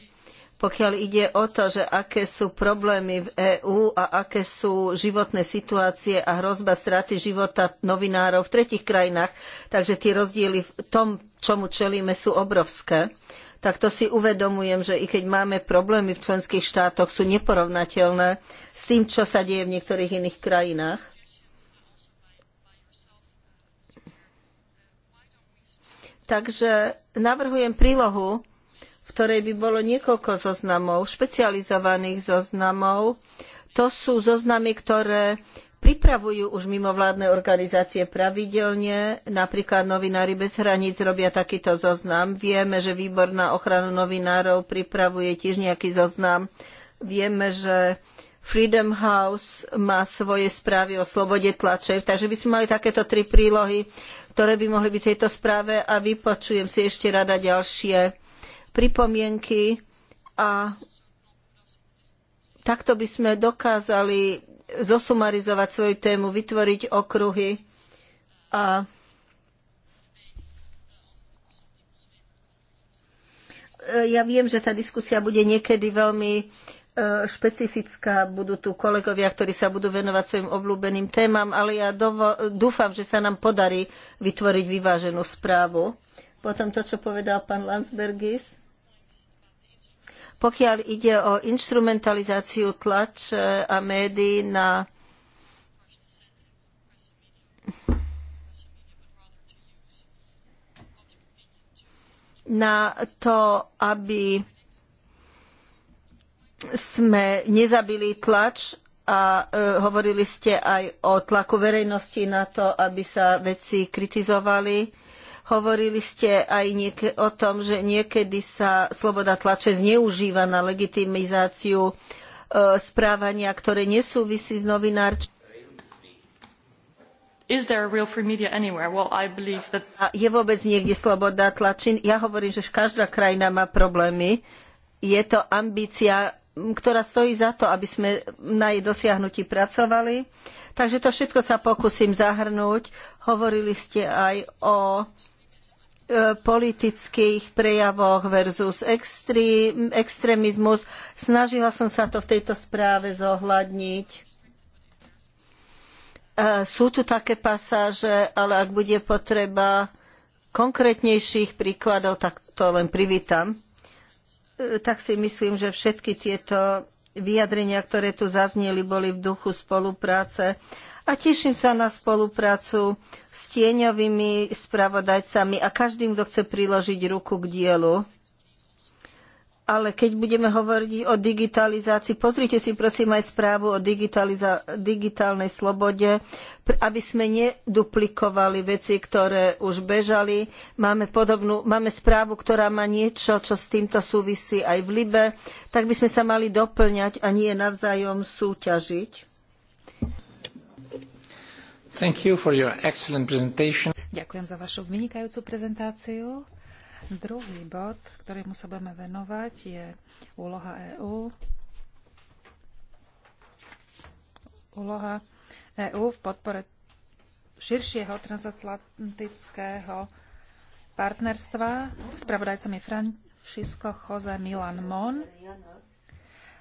pokiaľ ide o to, že aké sú problémy v EÚ a aké sú životné situácie a hrozba straty života novinárov v tretich krajinách. Takže tie rozdiely v tom, čomu čelíme, sú obrovské tak to si uvedomujem, že i keď máme problémy v členských štátoch, sú neporovnateľné s tým, čo sa deje v niektorých iných krajinách. Takže navrhujem prílohu, v ktorej by bolo niekoľko zoznamov, špecializovaných zoznamov. To sú zoznamy, ktoré pripravujú už mimovládne organizácie pravidelne, napríklad Novinári bez hraníc robia takýto zoznam. Vieme, že Výbor na ochranu novinárov pripravuje tiež nejaký zoznam. Vieme, že Freedom House má svoje správy o slobode tlače, takže by sme mali takéto tri prílohy ktoré by mohli byť v tejto správe a vypočujem si ešte rada ďalšie pripomienky a takto by sme dokázali zosumarizovať svoju tému, vytvoriť okruhy a ja viem, že tá diskusia bude niekedy veľmi E, špecifická, budú tu kolegovia, ktorí sa budú venovať svojim obľúbeným témam, ale ja dúfam, že sa nám podarí vytvoriť vyváženú správu. Potom to, čo povedal pán Landsbergis. Pokiaľ ide o instrumentalizáciu tlač a médií na na to, aby sme nezabili tlač a e, hovorili ste aj o tlaku verejnosti na to, aby sa veci kritizovali. Hovorili ste aj o tom, že niekedy sa sloboda tlače zneužíva na legitimizáciu e, správania, ktoré nesúvisí s novinárčom. Well, that... Je vôbec niekde sloboda tlačin? Ja hovorím, že každá krajina má problémy. Je to ambícia ktorá stojí za to, aby sme na jej dosiahnutí pracovali. Takže to všetko sa pokúsim zahrnúť. Hovorili ste aj o e, politických prejavoch versus extrém, extrémizmus. Snažila som sa to v tejto správe zohľadniť. E, sú tu také pasáže, ale ak bude potreba konkrétnejších príkladov, tak to len privítam tak si myslím, že všetky tieto vyjadrenia, ktoré tu zazneli, boli v duchu spolupráce. A teším sa na spoluprácu s tieňovými spravodajcami a každým, kto chce priložiť ruku k dielu ale keď budeme hovoriť o digitalizácii, pozrite si prosím aj správu o digitálnej slobode, aby sme neduplikovali veci, ktoré už bežali. Máme, podobnú, máme správu, ktorá má niečo, čo s týmto súvisí aj v Libe, tak by sme sa mali doplňať a nie navzájom súťažiť. You Ďakujem za vašu vynikajúcu prezentáciu. Druhý bod, ktorému sa budeme venovať, je úloha EÚ. Úloha EÚ v podpore širšieho transatlantického partnerstva. Spravodajcom je Francisco Jose Milan Mon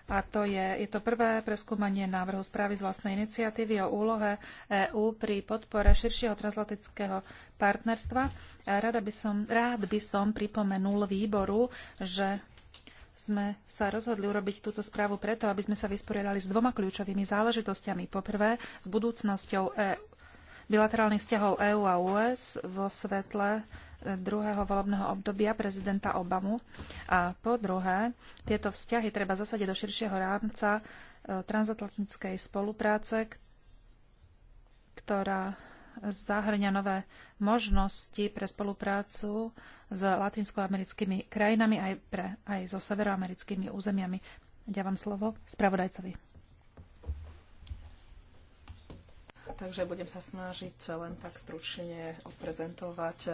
a to je, je to prvé preskúmanie návrhu správy z vlastnej iniciatívy o úlohe EÚ pri podpore širšieho transatlantického partnerstva. E, rada by som, rád by som pripomenul výboru, že sme sa rozhodli urobiť túto správu preto, aby sme sa vysporiadali s dvoma kľúčovými záležitostiami. Poprvé, s budúcnosťou EU, bilaterálnych vzťahov EÚ a US vo svetle druhého volebného obdobia prezidenta Obamu. A po druhé, tieto vzťahy treba zasadiť do širšieho rámca e, transatlantickej spolupráce, ktorá zahrňa nové možnosti pre spoluprácu s latinskoamerickými krajinami aj, pre, aj so severoamerickými územiami. Ďakujem slovo spravodajcovi. takže budem sa snažiť len tak stručne odprezentovať e,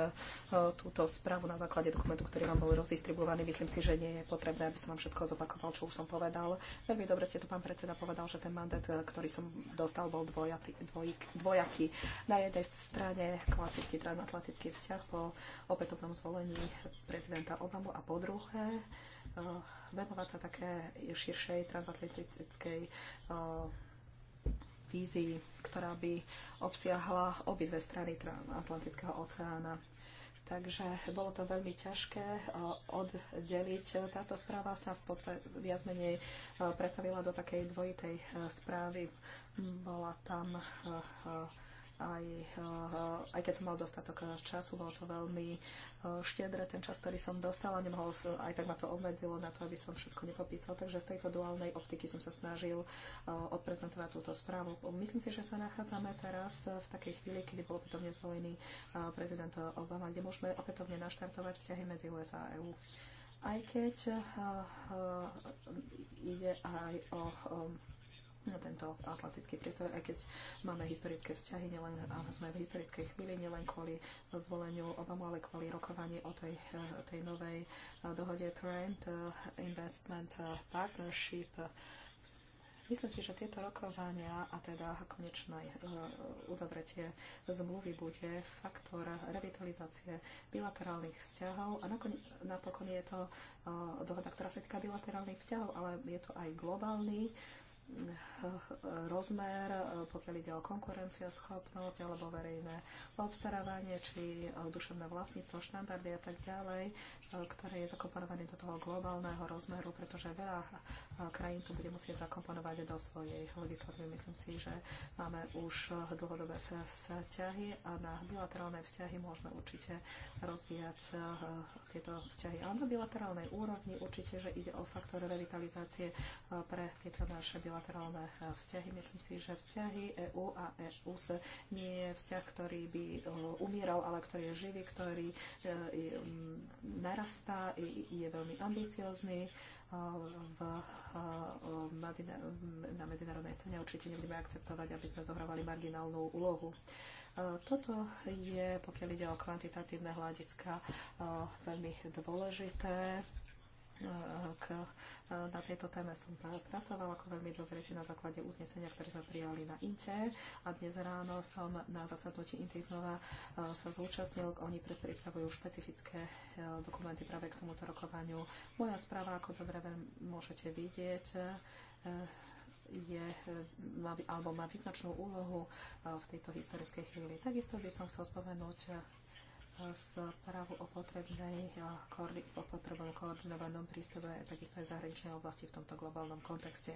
túto správu na základe dokumentu, ktorý vám bol rozdistribuovaný. Myslím si, že nie je potrebné, aby som vám všetko zopakoval, čo už som povedal. Veľmi dobre ste to, pán predseda, povedal, že ten mandát, e, ktorý som dostal, bol dvojatý, dvoj, dvojaký. Na jednej strane klasický transatlantický vzťah po opätovnom zvolení prezidenta Obamu a po druhé e, venovať sa také širšej transatlantickej vízii, ktorá by obsiahla obidve strany Atlantického oceána. Takže bolo to veľmi ťažké e, oddeliť. E, táto správa sa v podstate viac menej e, pretavila do takej dvojitej správy. Bola tam aj, eh, aj keď som mal dostatok eh, času, bolo to veľmi eh, štedré ten čas, ktorý som dostala, nemohol, aj tak ma to obmedzilo na to, aby som všetko nepopísal, takže z tejto duálnej optiky som sa snažil odprezentovať túto správu. Myslím si, že sa nachádzame teraz v takej chvíli, kedy bol opätovne zvolený prezident Obama, kde môžeme opätovne naštartovať vzťahy medzi USA a EU. Aj keď ide aj o na tento atlantický priestor, aj keď máme historické vzťahy, nielen sme v historickej chvíli, nielen kvôli zvoleniu Obamu, ale kvôli rokovaní o tej, eh, tej novej eh, dohode Parent eh, Investment Partnership. Myslím si, že tieto rokovania a teda konečné uzavretie zmluvy bude faktor revitalizácie bilaterálnych vzťahov a nakon, napokon je to dohoda, ktorá sa týka bilaterálnych vzťahov, ale je to aj globálny rozmer, e, pokiaľ ide o konkurencieschopnosť alebo verejné obstarávanie či e, duševné vlastníctvo, štandardy a tak ďalej, e, ktoré je zakomponované do toho globálneho rozmeru, pretože veľa krajín to bude musieť zakomponovať do svojej legislatívy. Myslím si, že máme už dlhodobé vzťahy a na bilaterálne vzťahy môžeme určite rozvíjať tieto vzťahy. Ale na bilaterálnej úrovni určite, že ide o faktor revitalizácie pre tieto naše bilaterálne bilaterálne eh, vzťahy. Myslím si, že vzťahy EU a EU nie je vzťah, ktorý by eh, umieral, ale ktorý je živý, ktorý eh, mm, narastá, je veľmi ambiciózny v, mm, na medzinárodnej scéne určite nebudeme akceptovať, aby sme zohrávali marginálnu úlohu. Toto je, pokiaľ ide o kvantitatívne hľadiska, veľmi dôležité k, e, na tejto téme som pracovala, ako veľmi dobre, či na základe uznesenia, ktoré sme prijali na INTE. A dnes ráno som na zasadnutí INTE znova e, sa zúčastnil. Oni pripravujú špecifické e, dokumenty práve k tomuto rokovaniu. Moja správa, ako dobre môžete vidieť, je, má, alebo má význačnú úlohu v tejto historickej chvíli. Takisto by som chcel spomenúť správu o, potrebnej, o potrebnom koordinovanom prístupe takisto aj zahraničnej oblasti v tomto globálnom kontexte.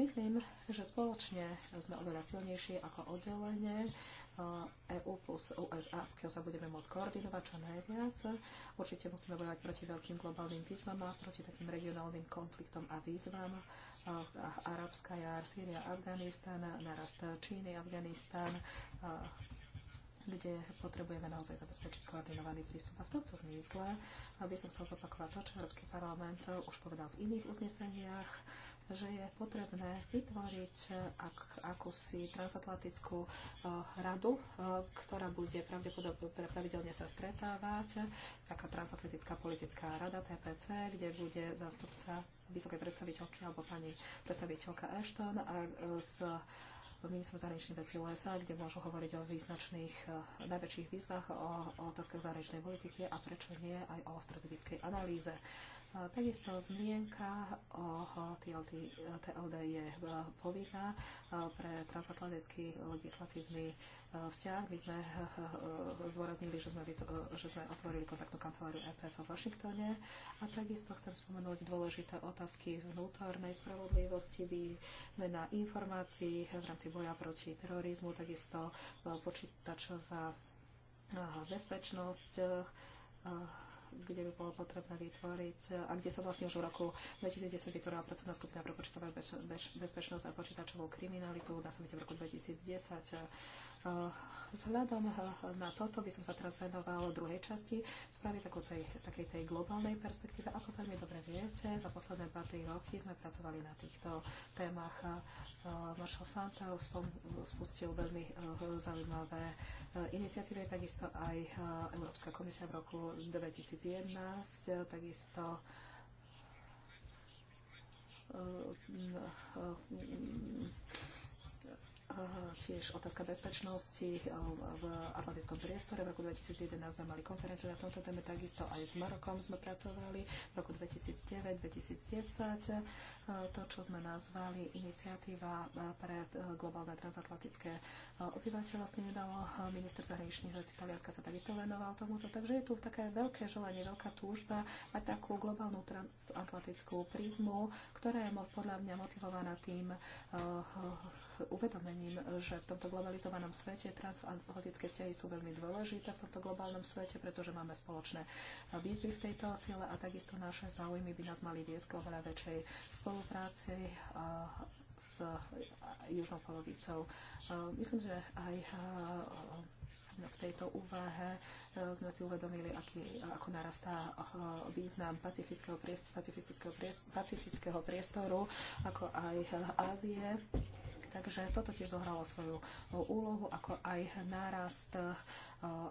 Myslím, že spoločne sme oveľa silnejší ako oddelenie EU plus USA, pokiaľ sa budeme môcť koordinovať čo najviac. Určite musíme bojovať proti veľkým globálnym výzvam a proti takým regionálnym konfliktom a výzvam. Arabská jar, Sýria, Afganistán, narast Číny, Afganistán, kde potrebujeme naozaj zabezpečiť koordinovaný prístup. A v tomto zmysle by som chcel zopakovať to, čo Európsky parlament už povedal v iných uzneseniach že je potrebné vytvoriť ak, akúsi transatlantickú eh, radu, eh, ktorá bude pravdepodobne pravidelne sa stretávať, taká transatlantická politická rada TPC, kde bude zástupca vysokej predstaviteľky alebo pani predstaviteľka Ashton a eh, s ministrom zahraničných vecí USA, kde môžu hovoriť o význačných najväčších výzvach, o, o otázkach zahraničnej politiky a prečo nie aj o strategickej analýze Takisto zmienka o TLD, TLD je povinná pre transatlantický legislatívny vzťah. My sme zdôraznili, že sme, že sme otvorili kontaktnú kanceláriu EP v Washingtone a takisto chcem spomenúť dôležité otázky vnútornej spravodlivosti, výmena informácií v rámci boja proti terorizmu, takisto počítačová bezpečnosť kde by bolo potrebné vytvoriť a kde sa vlastne už v roku 2010 vytvorila pracovná skupina pre počítavé bezpečnosť a počítačovú kriminalitu. Na samite v roku 2010 Eh, vzhľadom eh, na toto by som sa teraz venoval druhej časti správy tej, takej tej globálnej perspektíve. Ako veľmi dobre viete, za posledné 2-3 roky sme pracovali na týchto témach. Eh, Marshall Fund spustil veľmi zaujímavé iniciatívy, takisto aj Európska komisia v roku 2011, takisto tiež otázka bezpečnosti eh, v atlantickom priestore. V roku 2011 sme mali konferenciu na tomto téme, takisto aj s Marokom sme pracovali v roku 2009-2010. Eh, to, čo sme nazvali iniciatíva eh, pre globálne transatlantické obyvateľstvo, nedalo minister zahraničných vecí Talianska sa takisto venoval tomuto. Takže je tu také veľké želanie, veľká túžba mať takú globálnu transatlantickú prízmu, ktorá je podľa mňa motivovaná tým uvedomením, že v tomto globalizovanom svete transatlantické vzťahy sú veľmi dôležité v tomto globálnom svete, pretože máme spoločné výzvy v tejto ciele a takisto naše záujmy by nás mali viesť k oveľa väčšej spolupráci s južnou polovicou. Myslím, že aj no, v tejto úvahe sme si uvedomili, aký, ako narastá význam pacifického, pacifického, pacifického priestoru, ako aj Ázie Takže toto tiež zohralo svoju úlohu, ako aj nárast eh,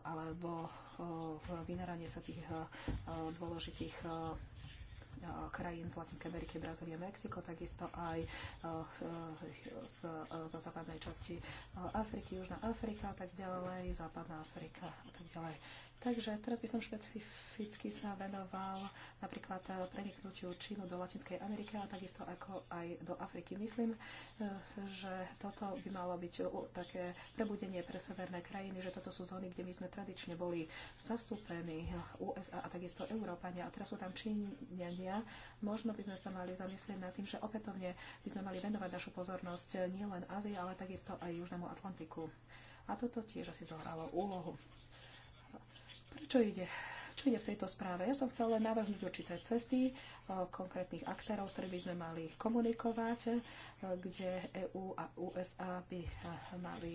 alebo eh, vynáranie sa tých eh, dôležitých krajín z Latinskej Ameriky, Brazílie, Mexiko, takisto aj z, zo západnej časti Afriky, Južná Afrika tak ďalej, Západná Afrika a tak ďalej. Takže teraz by som špecificky sa venoval napríklad eh, preniknutiu Čínu do Latinskej Ameriky a takisto ako aj do Afriky. Myslím, eh, že toto by malo byť eh, také prebudenie pre severné krajiny, že toto sú zóny, kde my sme tradične boli zastúpení USA a takisto Európania a teraz sú tam Číňania. Možno by sme sa mali zamyslieť nad tým, že opätovne by sme mali venovať našu pozornosť nielen Ázii, ale takisto aj Južnému Atlantiku. A toto tiež asi zohralo úlohu. Prečo ide? Čo ide v tejto správe? Ja som chcela len navrhnúť určité cesty e, konkrétnych aktérov, s ktorými sme mali komunikovať, e, kde EU a USA by e, mali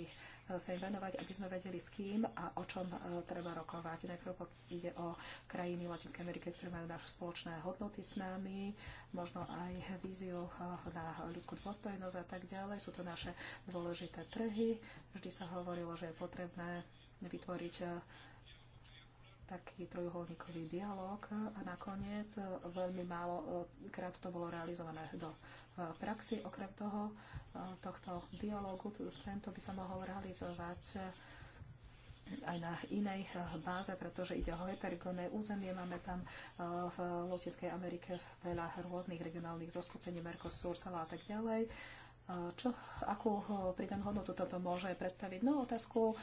sa im venovať, aby sme vedeli s kým a o čom treba rokovať. Najprv ide o krajiny Latinskej Ameriky, ktoré majú naše spoločné hodnoty s nami, možno aj víziu na ľudskú dôstojnosť a tak ďalej. Sú to naše dôležité trhy. Vždy sa hovorilo, že je potrebné vytvoriť taký trojuholníkový dialog a nakoniec e, veľmi málo e, krát to bolo realizované do e, praxi. Okrem toho, tohto dialogu, tento by sa mohol realizovať aj na inej báze, pretože ide o heterogénne územie. Máme tam v Latinskej Amerike veľa rôznych regionálnych zoskupení, Mercosur, Sala a tak ďalej. Čo, akú e, pridanú hodnotu toto môže predstaviť? No otázku e,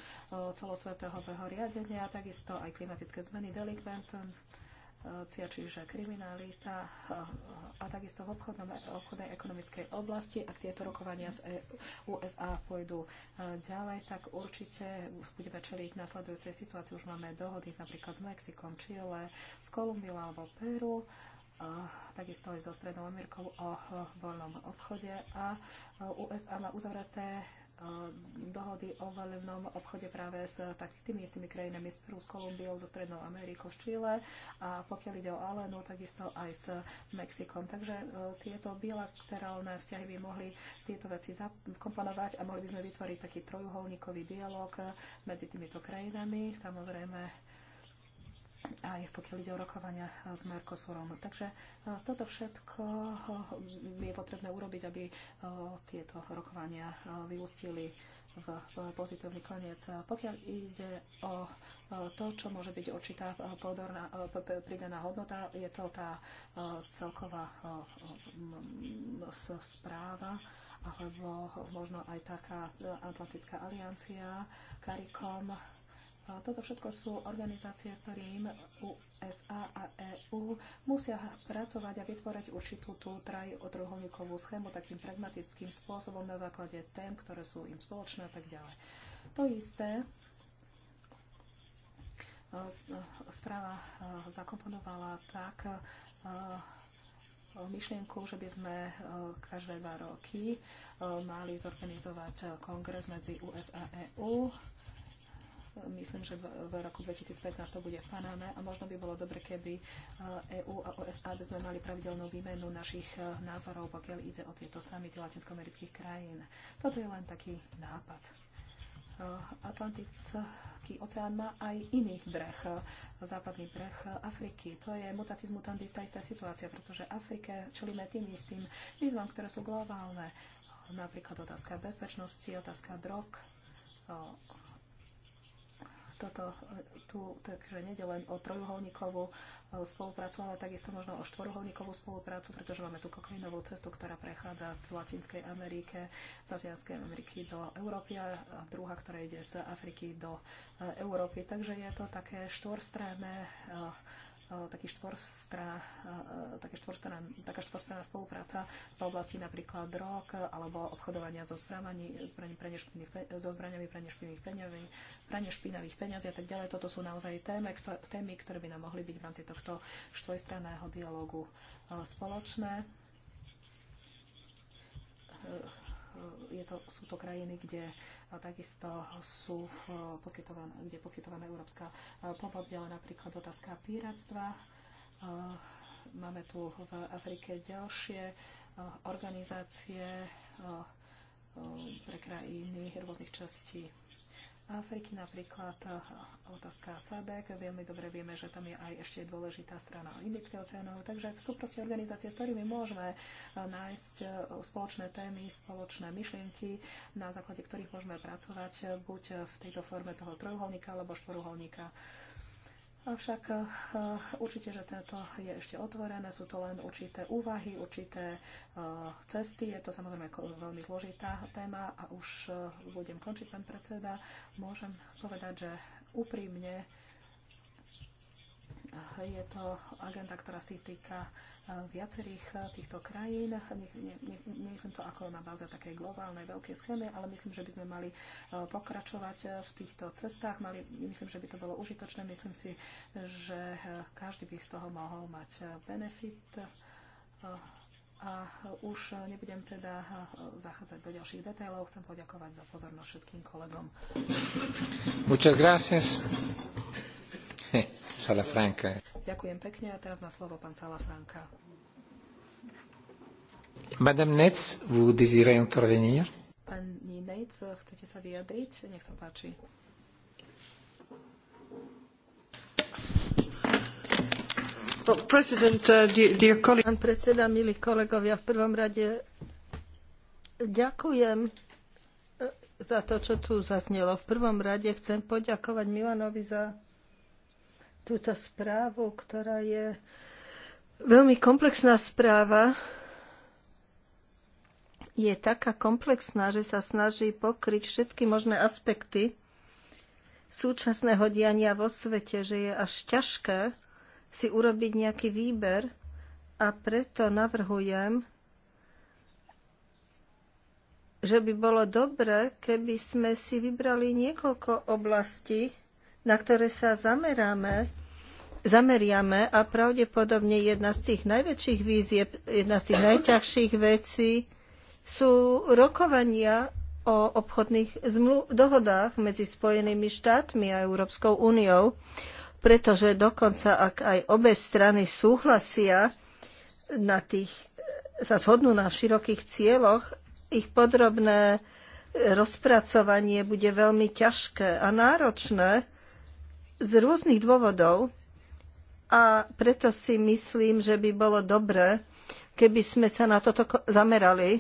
celosvetového riadenia, takisto aj klimatické zmeny, delikvent, e, čiže kriminalita a takisto v obchodnom, obchodnej ekonomickej oblasti. Ak tieto rokovania z USA pôjdu ďalej, tak určite budeme čeliť nasledujúcej situácii. Už máme dohody napríklad s Mexikom, Chile, s Kolumbiou alebo Peru takisto aj so Strednou Amerikou o voľnom obchode a USA má uzavreté dohody o voľnom obchode práve s tými istými krajinami, s Peru, s Kolumbiou, so Strednou Amerikou, s Chile a pokiaľ ide o Alenu, takisto aj s Mexikom. Takže e, tieto bilaterálne vzťahy by mohli tieto veci zakomponovať a mohli by sme vytvoriť taký trojuholníkový dialog e, medzi týmito krajinami. Samozrejme, aj pokiaľ ide o rokovania eh, s Mercosurom. Takže eh, toto všetko eh, je potrebné urobiť, aby tieto rokovania vyústili v pozitívny koniec. Pokiaľ ide o to, čo môže byť určitá podorná, pridaná hodnota, je to tá celková správa alebo možno aj taká Atlantická aliancia, CARICOM, toto všetko sú organizácie, s ktorým USA a EU musia pracovať a vytvoriť určitú tú trojuholníkovú schému takým pragmatickým spôsobom na základe tém, ktoré sú im spoločné a tak ďalej. To isté e, e, správa e, zakomponovala tak myšlienku, že by sme každé dva roky mali zorganizovať kongres medzi USA a EU Myslím, že v roku 2015 to bude v Paname a možno by bolo dobre, keby EU eh, e a USA sme mali pravidelnú výmenu našich eh, názorov, pokiaľ ide o tieto samity latinskoamerických krajín. Toto je len taký nápad. Eh, Atlantický oceán má aj iný breh, západný breh Afriky. To je mutatis mutandis tá istá situácia, pretože Afrike čelíme tým istým výzvam, ktoré sú globálne. Napríklad otázka bezpečnosti, otázka drog, toto tu, takže nie len o trojuholníkovú e, spoluprácu, ale takisto možno o štvoruholníkovú spoluprácu, pretože máme tú kokainovú cestu, ktorá prechádza z Latinskej Amerike, z Aziatskej Ameriky do Európy a druhá, ktorá ide z Afriky do e, Európy. Takže je to také štvorstranné e, E, taký štvorstrá, e, také štvorstrá, taká štvorstranná spolupráca v oblasti napríklad drog e, alebo obchodovania so, zbraní, zbraní pranie so zbraniami pre nešpinavých peňazí, pre špinavých peňazí a tak ďalej. Toto sú naozaj témy, ktoré, témy, ktoré by nám mohli byť v rámci tohto štvojstranného dialogu spoločné je to, sú to krajiny, kde takisto sú eh, poskytované, kde poskytovaná európska eh, pomoc, ale napríklad otázka piráctva. Eh, máme tu v Afrike ďalšie organizácie pre krajiny rôznych častí Afriky, napríklad eh, otázka SADEC. Veľmi dobre vieme, že tam je aj ešte dôležitá strana Indického oceánov. Takže sú proste organizácie, s ktorými môžeme eh, nájsť eh, spoločné témy, spoločné myšlienky, na základe ktorých môžeme pracovať buď v tejto forme toho trojuholníka alebo štvoruholníka Avšak eh, eh, určite, že toto je ešte otvorené, sú to len určité úvahy, určité eh, cesty. Je to samozrejme veľmi zložitá téma a už budem končiť, pán predseda. Môžem povedať, že úprimne je to agenda, ktorá si týka e, viacerých e, týchto krajín. Nemyslím to ako na báze takej globálnej veľkej schémy, ale myslím, že by sme mali e, pokračovať v týchto cestách. Mali, myslím, že by to bolo užitočné. Myslím si, že každý by z toho mohol mať benefit. A už nebudem teda zachádzať do ďalších detailov. Chcem poďakovať za pozornosť všetkým kolegom. Muchas gracias. Salafranca. Ďakujem pekne a teraz na slovo pán Salafranca. Madame Netz, vous désirez intervenir? Pani Netz, chcete sa vyjadriť? Nech sa páči. Uh, pán predseda, milí kolegovia, v prvom rade ďakujem e, za to, čo tu zaznelo. V prvom rade chcem poďakovať Milanovi za túto správu, ktorá je veľmi komplexná správa. Je taká komplexná, že sa snaží pokryť všetky možné aspekty súčasného diania vo svete, že je až ťažké si urobiť nejaký výber a preto navrhujem, že by bolo dobre, keby sme si vybrali niekoľko oblastí, na ktoré sa zameráme, zameriame a pravdepodobne jedna z tých najväčších výzieb, jedna z tých najťažších vecí sú rokovania o obchodných zmlu- dohodách medzi Spojenými štátmi a Európskou úniou, pretože dokonca ak aj obe strany súhlasia na tých, sa zhodnú na širokých cieľoch, ich podrobné rozpracovanie bude veľmi ťažké a náročné z rôznych dôvodov a preto si myslím, že by bolo dobré, keby sme sa na toto zamerali.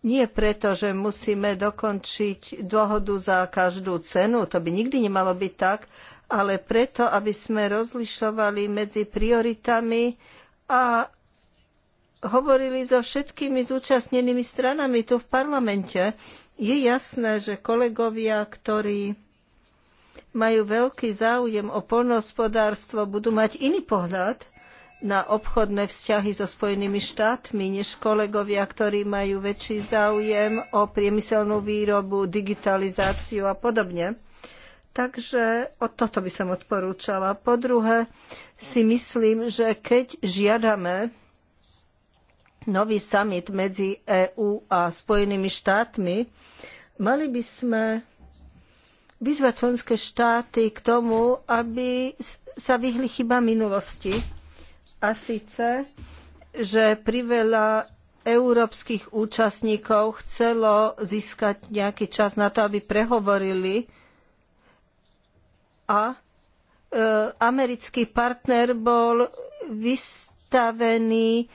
Nie preto, že musíme dokončiť dohodu za každú cenu, to by nikdy nemalo byť tak, ale preto, aby sme rozlišovali medzi prioritami a hovorili so všetkými zúčastnenými stranami tu v parlamente. Je jasné, že kolegovia, ktorí majú veľký záujem o poľnohospodárstvo, budú mať iný pohľad na obchodné vzťahy so Spojenými štátmi než kolegovia, ktorí majú väčší záujem o priemyselnú výrobu, digitalizáciu a podobne. Takže o toto by som odporúčala. Po druhé, si myslím, že keď žiadame nový summit medzi EÚ a Spojenými štátmi, mali by sme vyzvať členské štáty k tomu, aby sa vyhli chyba minulosti. A síce, že priveľa európskych účastníkov chcelo získať nejaký čas na to, aby prehovorili a e, americký partner bol vystavený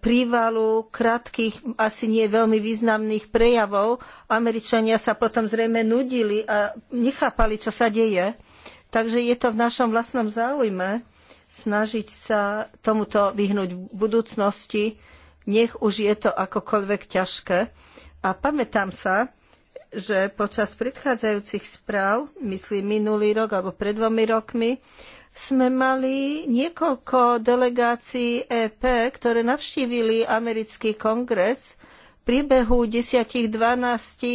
prívalu krátkých, asi nie veľmi významných prejavov. Američania sa potom zrejme nudili a nechápali, čo sa deje. Takže je to v našom vlastnom záujme snažiť sa tomuto vyhnúť v budúcnosti, nech už je to akokoľvek ťažké. A pamätám sa, že počas predchádzajúcich správ, myslím minulý rok alebo pred dvomi rokmi, sme mali niekoľko delegácií EP, ktoré navštívili americký kongres v priebehu 10-12 e,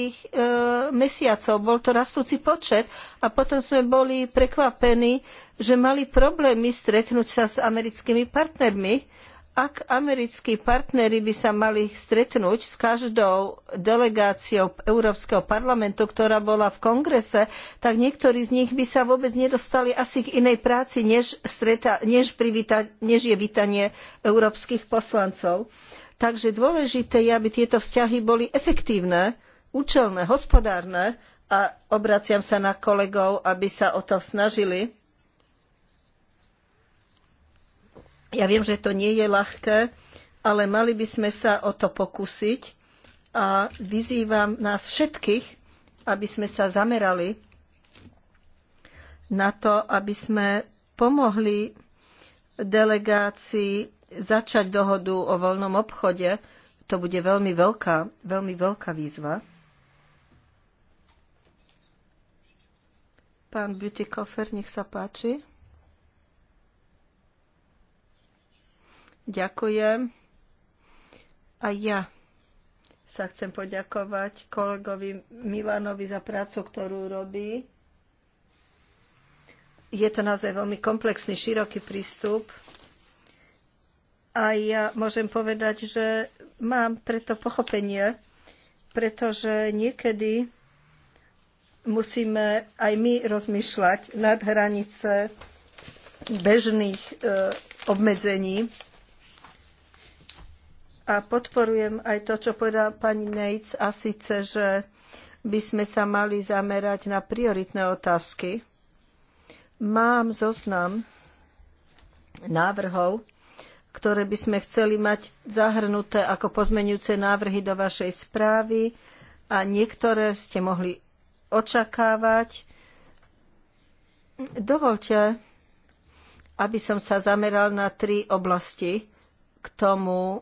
mesiacov. Bol to rastúci počet a potom sme boli prekvapení, že mali problémy stretnúť sa s americkými partnermi ak americkí partneri by sa mali stretnúť s každou delegáciou Európskeho parlamentu, ktorá bola v kongrese, tak niektorí z nich by sa vôbec nedostali asi k inej práci, než, streta, než, privita, než je vítanie európskych poslancov. Takže dôležité je, aby tieto vzťahy boli efektívne, účelné, hospodárne a obraciam sa na kolegov, aby sa o to snažili Ja viem, že to nie je ľahké, ale mali by sme sa o to pokúsiť a vyzývam nás všetkých, aby sme sa zamerali na to, aby sme pomohli delegácii začať dohodu o voľnom obchode. To bude veľmi veľká, veľmi veľká výzva. Pán Beautykofer, nech sa páči. Ďakujem. A ja sa chcem poďakovať kolegovi Milanovi za prácu, ktorú robí. Je to naozaj veľmi komplexný, široký prístup. A ja môžem povedať, že mám preto pochopenie, pretože niekedy musíme aj my rozmýšľať nad hranice bežných e, obmedzení a podporujem aj to, čo povedala pani Nates, a síce, že by sme sa mali zamerať na prioritné otázky. Mám zoznam návrhov, ktoré by sme chceli mať zahrnuté ako pozmenujúce návrhy do vašej správy a niektoré ste mohli očakávať. Dovolte, aby som sa zameral na tri oblasti k tomu,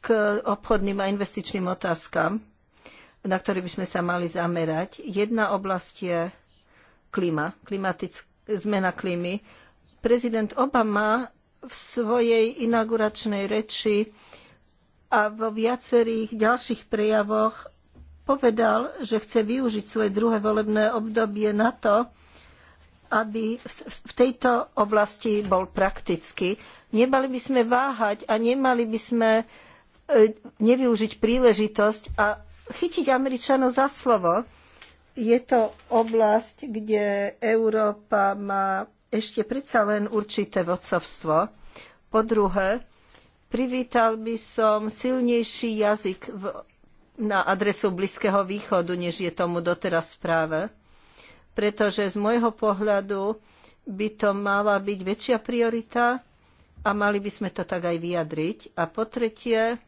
k obchodným a investičným otázkam, na ktoré by sme sa mali zamerať. Jedna oblasť je klíma, zmena klímy. Prezident Obama v svojej inauguračnej reči a vo viacerých ďalších prejavoch povedal, že chce využiť svoje druhé volebné obdobie na to, aby v tejto oblasti bol praktický. Nemali by sme váhať a nemali by sme uh, E, nevyužiť príležitosť a chytiť Američanov za slovo. Je to oblasť, kde Európa má ešte predsa len určité vodcovstvo. Po druhé, privítal by som silnejší jazyk v, na adresu Blízkeho východu, než je tomu doteraz správe. Pretože z môjho pohľadu by to mala byť väčšia priorita a mali by sme to tak aj vyjadriť. A po tretie,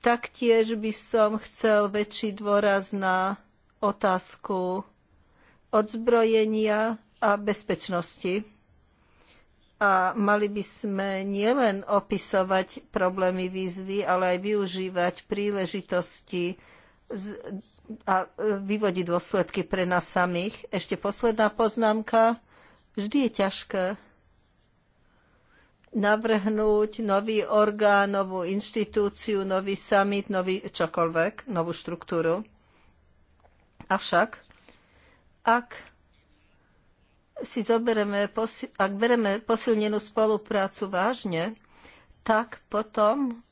Taktiež by som chcel väčší dôraz na otázku odzbrojenia a bezpečnosti. A mali by sme nielen opisovať problémy výzvy, ale aj využívať príležitosti a vyvodiť dôsledky pre nás samých. Ešte posledná poznámka. Vždy je ťažké navrhnúť nový orgán, novú inštitúciu, nový summit, nový čokoľvek, novú štruktúru. Avšak, ak si zoberieme, ak bereme posilnenú spoluprácu vážne, tak potom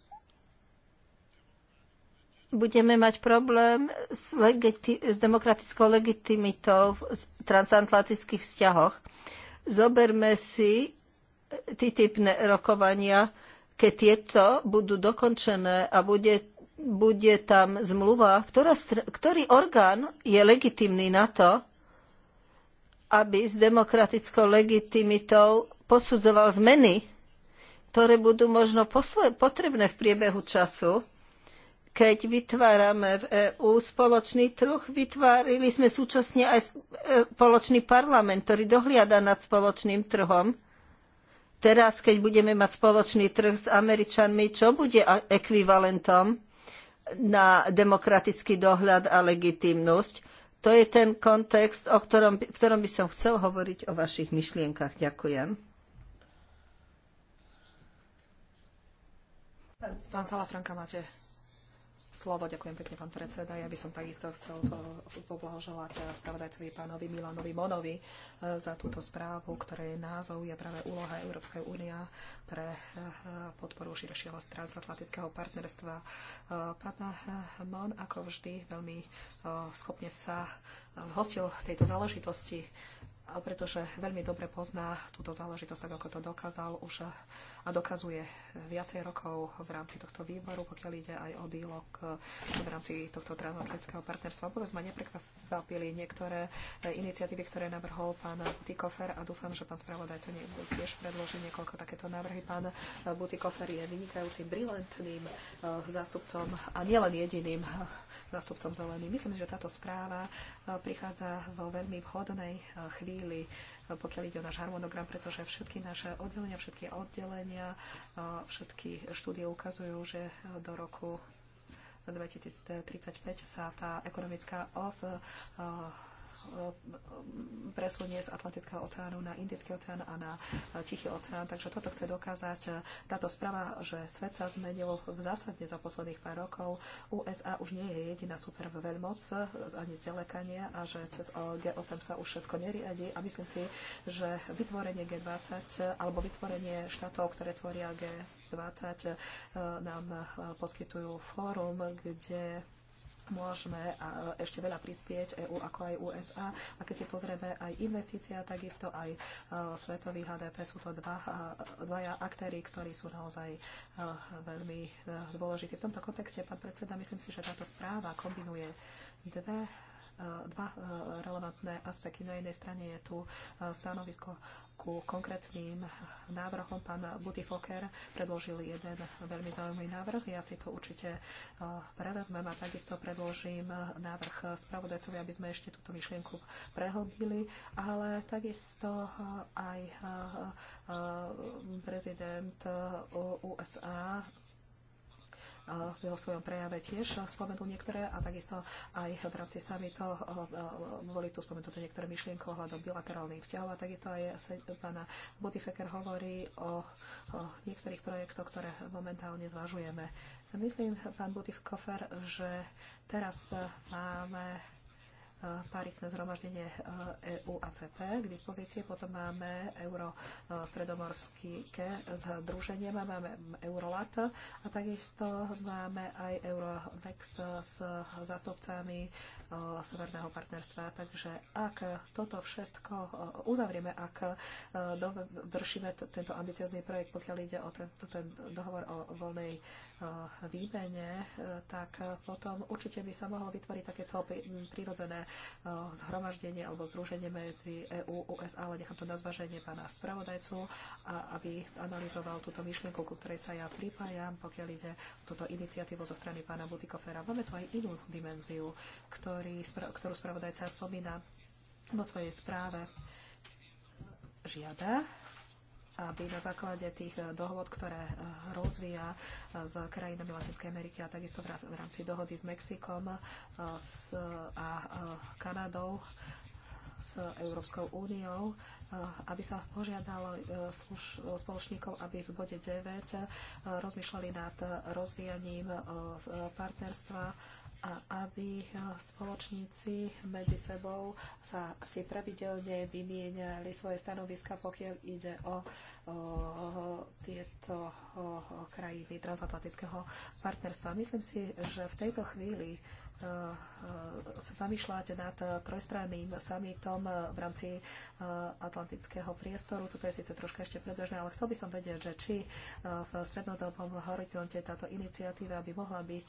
budeme mať problém s, legiti- s demokratickou legitimitou v transatlantických vzťahoch. Zoberme si TTIP rokovania, keď tieto budú dokončené a bude, bude tam zmluva, ktorá, ktorý orgán je legitimný na to, aby s demokratickou legitimitou posudzoval zmeny, ktoré budú možno potrebné v priebehu času keď vytvárame v EÚ spoločný trh, vytvárili sme súčasne aj e, spoločný parlament, ktorý dohliada nad spoločným trhom teraz, keď budeme mať spoločný trh s Američanmi, čo bude ekvivalentom na demokratický dohľad a legitímnosť? To je ten kontext, o ktorom, v ktorom by som chcel hovoriť o vašich myšlienkach. Ďakujem. Sala Franka, máte slovo. Ďakujem pekne, pán predseda. Ja by som takisto chcel poblahoželať spravodajcovi pánovi Milanovi Monovi eh, za túto správu, ktorej názov je práve úloha Európskej únia pre eh, podporu širšieho transatlantického partnerstva. Eh, pán Mon, ako vždy, veľmi schopne sa zhostil tejto záležitosti pretože veľmi dobre pozná túto záležitosť, tak ako to dokázal už eh, a dokazuje viacej rokov v rámci tohto výboru, pokiaľ ide aj o dialog eh, v rámci tohto transatlantického partnerstva. Vôbec ma neprekvapili niektoré eh, iniciatívy, ktoré navrhol pán Butikofer a dúfam, že pán spravodajca tiež predloží niekoľko takéto návrhy. Pán Butikofer je vynikajúcim, brilantným zástupcom a nielen jediným zástupcom zelený. Myslím že táto správa prichádza vo veľmi vhodnej chvíli chvíli, pokiaľ ide o náš harmonogram, pretože všetky naše oddelenia, všetky oddelenia, všetky štúdie ukazujú, že do roku 2035 sa tá ekonomická os E, presunie z Atlantického oceánu na Indický oceán a na e, Tichý oceán. Takže toto chce dokázať e, táto správa, že svet sa zmenil v zásadne za posledných pár rokov. USA už nie je jediná super veľmoc, ani zďaleka a že cez G8 sa už všetko neriadi. A myslím si, že vytvorenie G20 alebo vytvorenie štátov, ktoré tvoria G20, nám poskytujú fórum, kde môžeme ešte veľa prispieť EU ako aj USA. A keď si pozrieme aj investícia, takisto aj e, svetový HDP, sú to dva, e, dvaja aktéry, ktorí sú naozaj e, veľmi dôležití. V tomto kontexte, pán predseda, myslím si, že táto správa kombinuje dve dva e, relevantné aspekty. Na jednej strane je tu e, stanovisko ku konkrétnym návrhom. Pán Buddy Foker predložil jeden veľmi zaujímavý návrh. Ja si to určite e, prevezmem a takisto predložím návrh spravodajcovi, aby sme ešte túto myšlienku prehlbili. Ale takisto aj prezident USA v jeho svojom prejave tiež spomenul niektoré a takisto aj v rámci samito boli tu spomenuté niektoré myšlienky ohľadom bilaterálnych vzťahov a takisto aj pána Butifeker hovorí o, o niektorých projektoch, ktoré momentálne zvažujeme. Myslím, pán Butikofer, že teraz máme E, paritné zhromaždenie EU e a CP k dispozícii. Potom máme Euro e, stredomorské združenie, máme Eurolat a takisto máme aj Eurovex s zástupcami Severného partnerstva. Takže ak toto všetko uzavrieme, ak dovršíme tento ambiciozný projekt, pokiaľ ide o tento ten dohovor o voľnej Eh, výmene, eh, tak eh, potom určite by sa mohlo vytvoriť takéto prirodzené zhromaždenie alebo združenie medzi EU, USA, ale nechám to na zvaženie pána spravodajcu, aby analyzoval túto myšlienku, ku ktorej sa ja pripájam, pokiaľ ide túto iniciatívu zo strany pána Butikofera. Máme tu aj inú dimenziu, ktorý, ktorú spravodajca spomína vo svojej správe žiada aby na základe tých eh, dohod, ktoré eh, rozvíja eh, s krajinami Latinskej Ameriky a takisto v rámci dohody s Mexikom a Kanadou, s Európskou úniou, aby sa požiadalo spoločníkov, aby v bode 9 rozmýšľali nad rozvíjaním partnerstva a aby eh, spoločníci medzi sebou sa si pravidelne vymieniali svoje stanoviska, pokiaľ ide o, o, tieto o, o krajiny transatlantického partnerstva. Myslím si, že v tejto chvíli E, sa zamýšľať nad trojstranným summitom v rámci e, atlantického priestoru. Toto je síce troška ešte predbežné, ale chcel by som vedieť, že či e, v strednodobom horizonte táto iniciatíva by mohla byť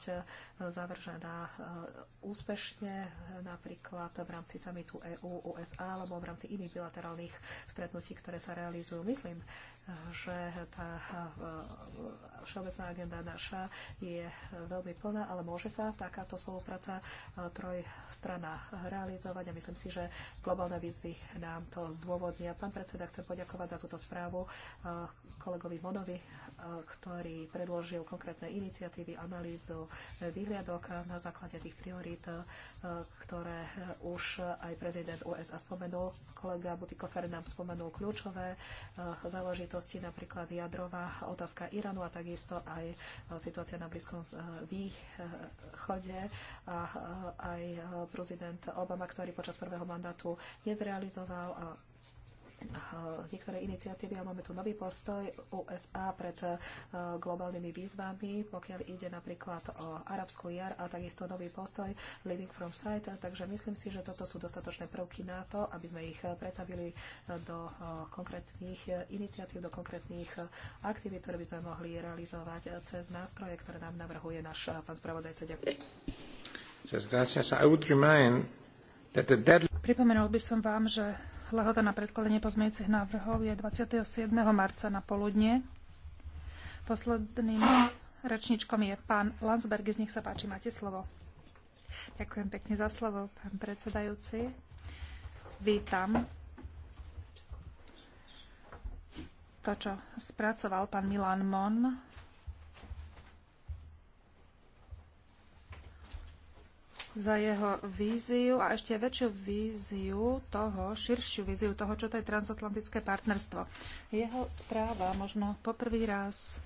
zavržená úspešne, napríklad v rámci summitu EU, USA alebo v rámci iných bilaterálnych stretnutí, ktoré sa realizujú. Myslím, že tá e, všeobecná agenda naša je veľmi plná, ale môže sa takáto spolupráca e, trojstrana realizovať a myslím si, že globálne výzvy nám to zdôvodnia. Pán predseda, chcem poďakovať za túto správu e, kolegovi Monovi ktorý predložil konkrétne iniciatívy, analýzu výhľadok na základe tých priorít, e, ktoré už aj prezident USA spomenul. Kolega Butikofer nám spomenul kľúčové e, záležitosti, napríklad jadrová otázka Iránu a takisto aj e, situácia na Blízkom východe a aj prezident Obama, ktorý počas prvého mandátu nezrealizoval niektoré iniciatívy a máme tu nový postoj USA pred eh, globálnymi výzvami, pokiaľ ide napríklad o arabskú jar a takisto nový postoj Living from Sight. Takže myslím si, že toto sú dostatočné prvky na to, aby sme ich eh, pretavili eh, do konkrétnych iniciatív, do konkrétnych aktivít, ktoré by sme mohli realizovať cez nástroje, ktoré nám navrhuje náš pán spravodajca. Ďakujem. Pripomenul by som vám, že Lehota na predkladanie pozmeňujúcich návrhov je 27. marca na poludne. Posledným rečničkom je pán Z nich sa páči, máte slovo. Ďakujem pekne za slovo, pán predsedajúci. Vítam to, čo spracoval pán Milan Mon za jeho víziu a ešte väčšiu víziu toho, širšiu víziu toho, čo to je transatlantické partnerstvo. Jeho správa možno poprvý raz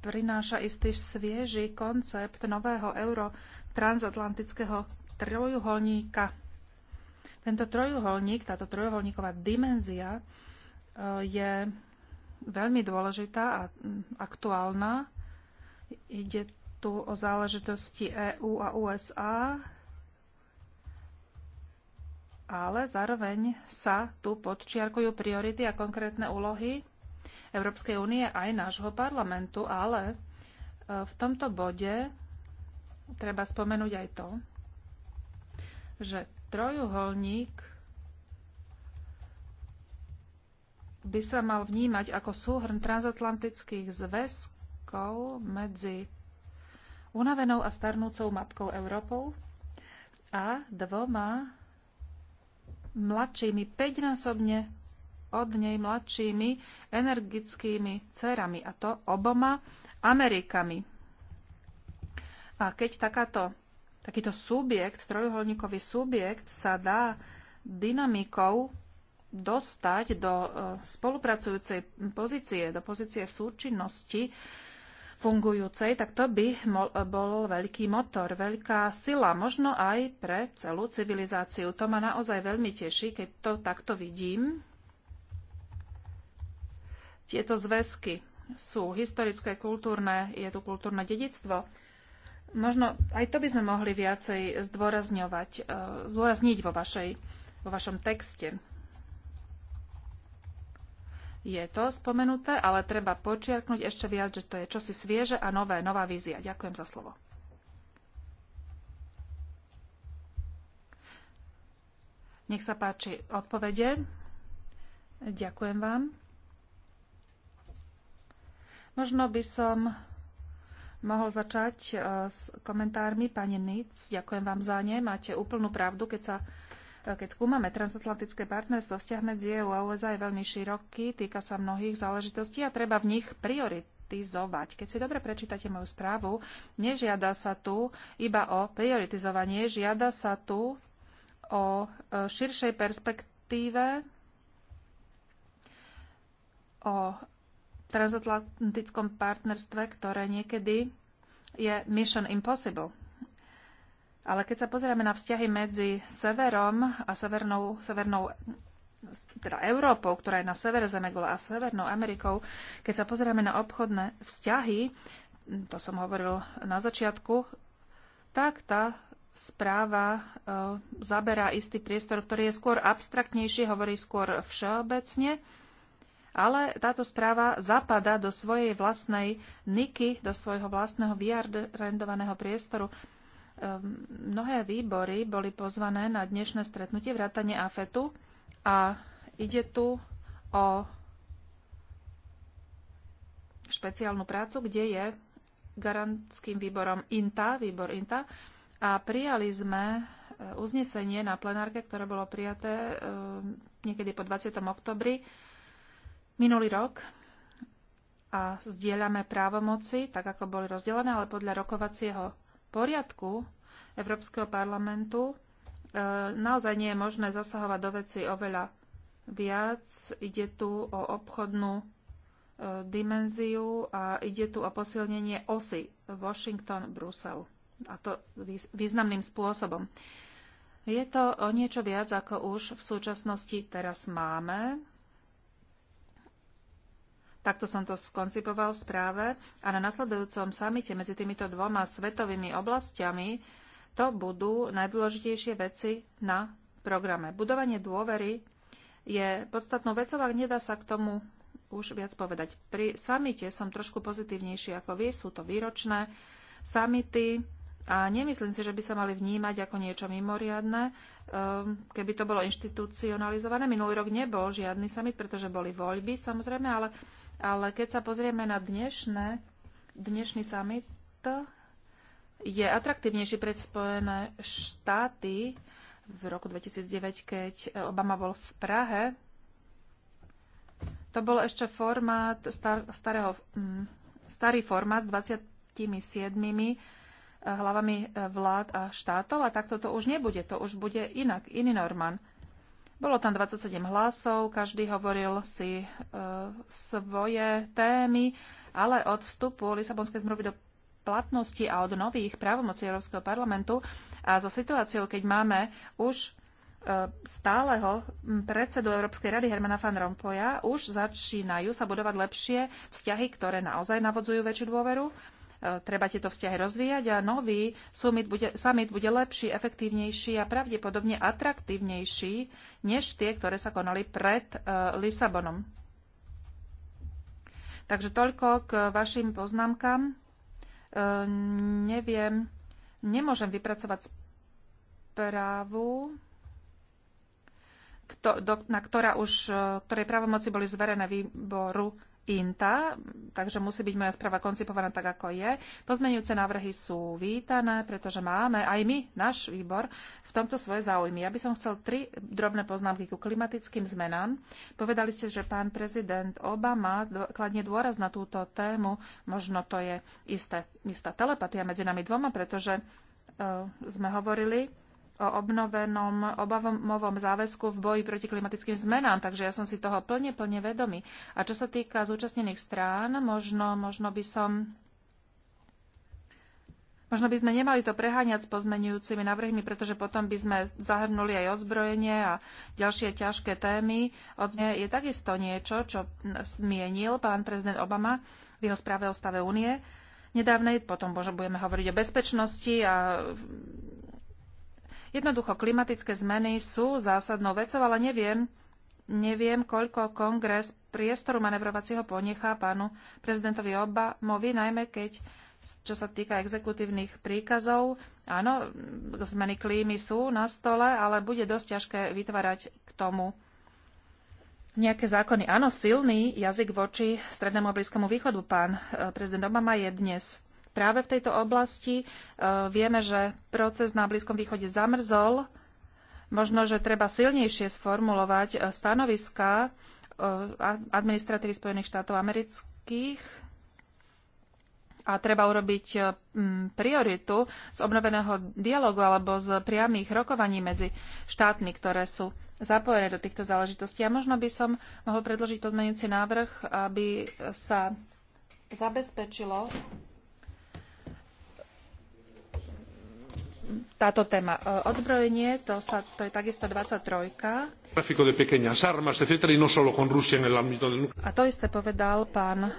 prináša istý svieži koncept nového euro transatlantického trojuholníka. Tento trojuholník, táto trojuholníková dimenzia e, je veľmi dôležitá a aktuálna. Ide tu o záležitosti EÚ a USA, ale zároveň sa tu podčiarkujú priority a konkrétne úlohy Európskej únie aj nášho parlamentu, ale e, v tomto bode treba spomenúť aj to, že trojuholník by sa mal vnímať ako súhrn transatlantických zväzkov medzi unavenou a starnúcou matkou Európou a dvoma mladšími, päťnásobne od nej mladšími energickými dcerami, a to oboma Amerikami. A keď takáto, takýto subjekt, trojuholníkový subjekt sa dá dynamikou dostať do e, spolupracujúcej pozície, do pozície súčinnosti, fungujúcej, tak to by bol veľký motor, veľká sila, možno aj pre celú civilizáciu. To ma naozaj veľmi teší, keď to takto vidím. Tieto zväzky sú historické, kultúrne, je tu kultúrne dedictvo. Možno aj to by sme mohli viacej zdôrazňovať, e, zdôrazniť vo, vašej, vo vašom texte je to spomenuté, ale treba počiarknúť ešte viac, že to je čosi svieže a nové, nová vízia. Ďakujem za slovo. Nech sa páči odpovede. Ďakujem vám. Možno by som mohol začať eh, s komentármi. Pani Nic, ďakujem vám za ne. Máte úplnú pravdu, keď sa keď skúmame transatlantické partnerstvo, vzťah medzi EU a USA je veľmi široký, týka sa mnohých záležitostí a treba v nich prioritizovať. Keď si dobre prečítate moju správu, nežiada sa tu iba o prioritizovanie, žiada sa tu o e, širšej perspektíve, o transatlantickom partnerstve, ktoré niekedy je mission impossible. Ale keď sa pozrieme na vzťahy medzi severom a severnou, severnou teda Európou, ktorá je na severe Zemegula a Severnou Amerikou, keď sa pozrieme na obchodné vzťahy, to som hovoril na začiatku, tak tá správa e, zaberá istý priestor, ktorý je skôr abstraktnejší, hovorí skôr všeobecne, ale táto správa zapada do svojej vlastnej niky, do svojho vlastného vyjardrendovaného priestoru Ehm, mnohé výbory boli pozvané na dnešné stretnutie vrátane AFETu a ide tu o špeciálnu prácu, kde je garantským výborom INTA, výbor INTA a prijali sme e, uznesenie na plenárke, ktoré bolo prijaté e, niekedy po 20. oktobri minulý rok a zdieľame právomoci, tak ako boli rozdelené, ale podľa rokovacieho poriadku Európskeho parlamentu e, naozaj nie je možné zasahovať do veci oveľa viac. Ide tu o obchodnú e, dimenziu a ide tu o posilnenie osy Washington-Brusel. A to významným spôsobom. Je to o niečo viac, ako už v súčasnosti teraz máme. Takto som to skoncipoval v správe a na nasledujúcom samite medzi týmito dvoma svetovými oblastiami to budú najdôležitejšie veci na programe. Budovanie dôvery je podstatnou vecou ak nedá sa k tomu už viac povedať. Pri samite som trošku pozitívnejší ako vy, sú to výročné samity a nemyslím si, že by sa mali vnímať ako niečo mimoriadne, ehm, keby to bolo inštitucionalizované. Minulý rok nebol žiadny samit, pretože boli voľby samozrejme, ale ale keď sa pozrieme na dnešné, dnešný summit, je atraktívnejší pre Spojené štáty v roku 2009, keď Obama bol v Prahe. To bol ešte formát star, starého, mm, starý formát s 27 eh, hlavami eh, vlád a štátov a takto to už nebude, to už bude inak, iný Norman. Bolo tam 27 hlasov, každý hovoril si e, svoje témy, ale od vstupu Lisabonskej zmluvy do platnosti a od nových právomocí Európskeho parlamentu a so situáciou, keď máme už e, stáleho predsedu Európskej rady Hermana van Rompoja už začínajú sa budovať lepšie vzťahy, ktoré naozaj navodzujú väčšiu dôveru E, treba tieto vzťahy rozvíjať a nový summit bude, summit bude lepší, efektívnejší a pravdepodobne atraktívnejší než tie, ktoré sa konali pred e, Lisabonom. Takže toľko k vašim poznámkam. E, neviem, nemôžem vypracovať správu kto, do, na ktorá už, ktorej právomoci boli zverené výboru INTA, takže musí byť moja správa koncipovaná tak, ako je. Pozmenujúce návrhy sú vítané, pretože máme aj my, náš výbor, v tomto svoje záujmy. Ja by som chcel tri drobné poznámky ku klimatickým zmenám. Povedali ste, že pán prezident Obama kladne dôraz na túto tému. Možno to je isté, istá telepatia medzi nami dvoma, pretože uh, sme hovorili o obnovenom obavomovom záväzku v boji proti klimatickým zmenám, takže ja som si toho plne, plne vedomý. A čo sa týka zúčastnených strán, možno, možno by som Možno by sme nemali to preháňať s pozmenujúcimi návrhmi, pretože potom by sme zahrnuli aj odzbrojenie a ďalšie ťažké témy. Odzbrojenie je takisto niečo, čo zmienil pán prezident Obama v jeho správe o stave únie. Nedávnej potom možno budeme hovoriť o bezpečnosti a Jednoducho, klimatické zmeny sú zásadnou vecou, ale neviem, neviem, koľko kongres priestoru manevrovacieho ponechá pánu prezidentovi Obamovi, najmä keď čo sa týka exekutívnych príkazov. Áno, zmeny klímy sú na stole, ale bude dosť ťažké vytvárať k tomu nejaké zákony. Áno, silný jazyk voči Strednému a Blízkomu východu, pán eh, prezident Obama, je dnes práve v tejto oblasti. E, vieme, že proces na Blízkom východe zamrzol. Možno, že treba silnejšie sformulovať e, stanoviska e, administratívy Spojených štátov amerických a treba urobiť prioritu z obnoveného dialogu alebo z priamých rokovaní medzi štátmi, ktoré sú zapojené do týchto záležitostí. A možno by som mohol predložiť pozmeňujúci návrh, aby sa zabezpečilo táto téma. E, odzbrojenie, to, sa, to je takisto 23. No A to isté povedal pán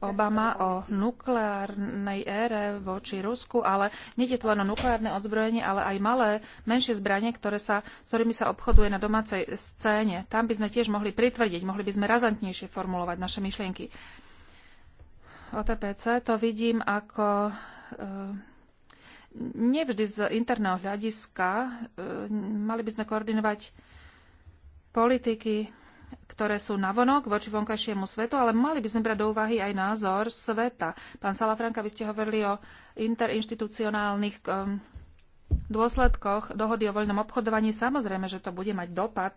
Obama o nukleárnej ére voči Rusku, ale nejde tu len o nukleárne odzbrojenie, ale aj malé, menšie zbranie, ktoré sa, s ktorými sa obchoduje na domácej scéne. Tam by sme tiež mohli pritvrdiť, mohli by sme razantnejšie formulovať naše myšlienky. OTPC to vidím ako e, nevždy z interného hľadiska. E, mali by sme koordinovať politiky, ktoré sú navonok voči vonkajšiemu svetu, ale mali by sme brať do úvahy aj názor sveta. Pán Salafranka, vy ste hovorili o interinstitucionálnych e, dôsledkoch dohody o voľnom obchodovaní. Samozrejme, že to bude mať dopad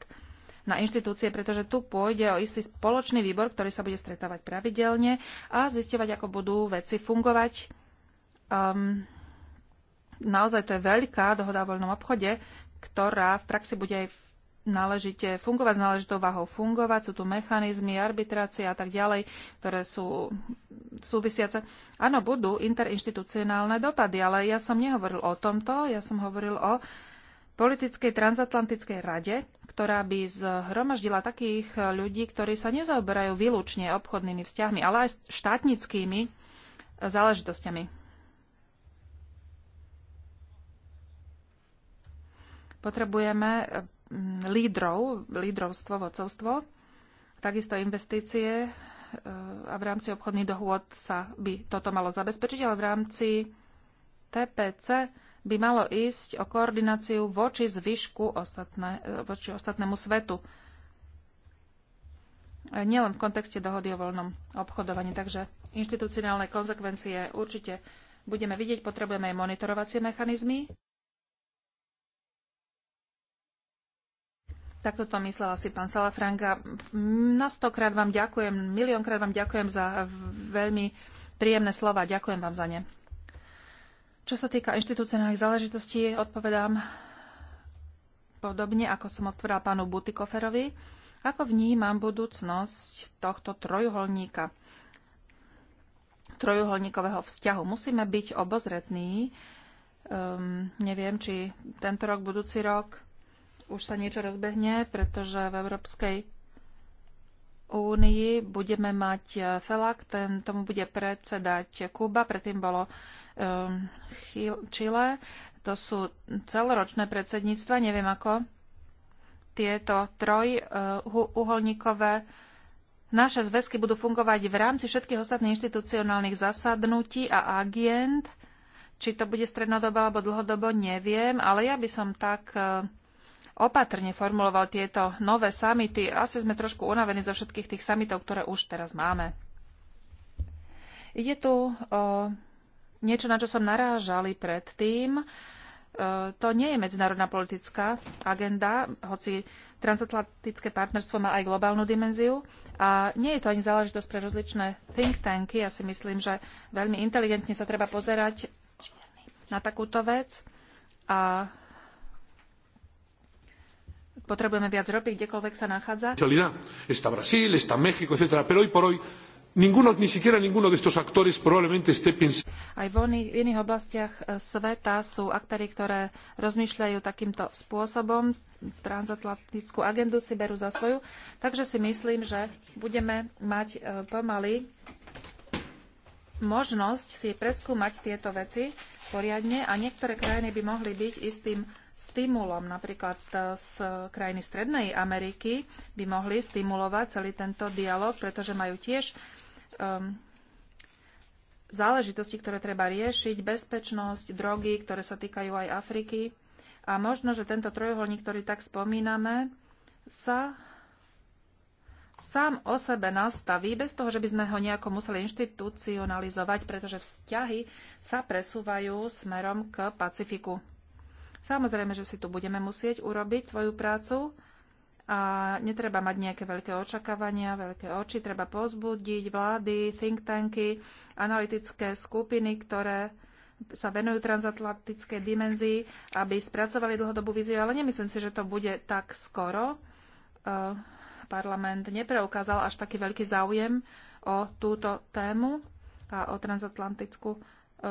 na inštitúcie, pretože tu pôjde o istý spoločný výbor, ktorý sa bude stretávať pravidelne a zistovať, ako budú veci fungovať. Um, naozaj to je veľká dohoda o voľnom obchode, ktorá v praxi bude aj náležite fungovať s náležitou váhou fungovať. Sú tu mechanizmy, arbitrácie a tak ďalej, ktoré sú súvisiace. Áno, budú interinstitucionálne dopady, ale ja som nehovoril o tomto, ja som hovoril o politickej transatlantickej rade, ktorá by zhromaždila takých ľudí, ktorí sa nezaoberajú výlučne obchodnými vzťahmi, ale aj štátnickými záležitosťami. Potrebujeme mm, lídrov, lídrovstvo, vocovstvo, takisto investície e, a v rámci obchodných dohôd sa by toto malo zabezpečiť, ale v rámci TPC by malo ísť o koordináciu voči zvyšku ostatné, e, voči ostatnému svetu. E, nielen v kontexte dohody o voľnom obchodovaní. Takže inštitucionálne konsekvencie určite budeme vidieť, potrebujeme aj monitorovacie mechanizmy. Takto to myslel asi pán Salafranka. Na stokrát vám ďakujem, miliónkrát vám ďakujem za veľmi príjemné slova. Ďakujem vám za ne. Čo sa týka inštitúcionálnych záležitostí, odpovedám podobne, ako som odpovedala pánu Butikoferovi. Ako vnímam budúcnosť tohto trojuholníka, trojuholníkového vzťahu? Musíme byť obozretní. Um, neviem, či tento rok, budúci rok, už sa niečo rozbehne, pretože v Európskej únii budeme mať e, FELAC, ten tomu bude predsedať Kuba, predtým bolo um, e, Chile. To sú celoročné predsedníctva, neviem ako tieto troj uh, naše zväzky budú fungovať v rámci všetkých ostatných inštitucionálnych zasadnutí a agent. Či to bude strednodobo alebo dlhodobo, neviem, ale ja by som tak uh, opatrne formuloval tieto nové samity. Asi sme trošku unavení zo všetkých tých samitov, ktoré už teraz máme. Ide tu o niečo, na čo som narážali predtým. To nie je medzinárodná politická agenda, hoci transatlantické partnerstvo má aj globálnu dimenziu. A nie je to ani záležitosť pre rozličné think tanky. Ja si myslím, že veľmi inteligentne sa treba pozerať na takúto vec. A Potrebujeme viac ropy, kdekoľvek sa nachádza. Está Brasil, está México, etc. Pero hoy por hoy Ninguno, ni siquiera ninguno de estos actores probablemente esté pensando. Aj v iných oblastiach eh, sveta sú aktéry, ktoré rozmýšľajú takýmto spôsobom, transatlantickú agendu si berú za svoju, takže si myslím, že budeme mať eh, pomaly možnosť si preskúmať tieto veci poriadne a niektoré krajiny by mohli byť istým stimulom. Napríklad e, z krajiny Strednej Ameriky by mohli stimulovať celý tento dialog, pretože majú tiež um, záležitosti, ktoré treba riešiť, bezpečnosť, drogy, ktoré sa týkajú aj Afriky. A možno, že tento trojuholník, ktorý tak spomíname, sa sám o sebe nastaví, bez toho, že by sme ho nejako museli inštitucionalizovať, pretože vzťahy sa presúvajú smerom k Pacifiku. Samozrejme, že si tu budeme musieť urobiť svoju prácu a netreba mať nejaké veľké očakávania, veľké oči, treba pozbudiť vlády, think tanky, analytické skupiny, ktoré sa venujú transatlantickej dimenzii, aby spracovali dlhodobú víziu, ale nemyslím si, že to bude tak skoro. Eh, parlament nepreukázal až taký veľký záujem o túto tému a o transatlantickú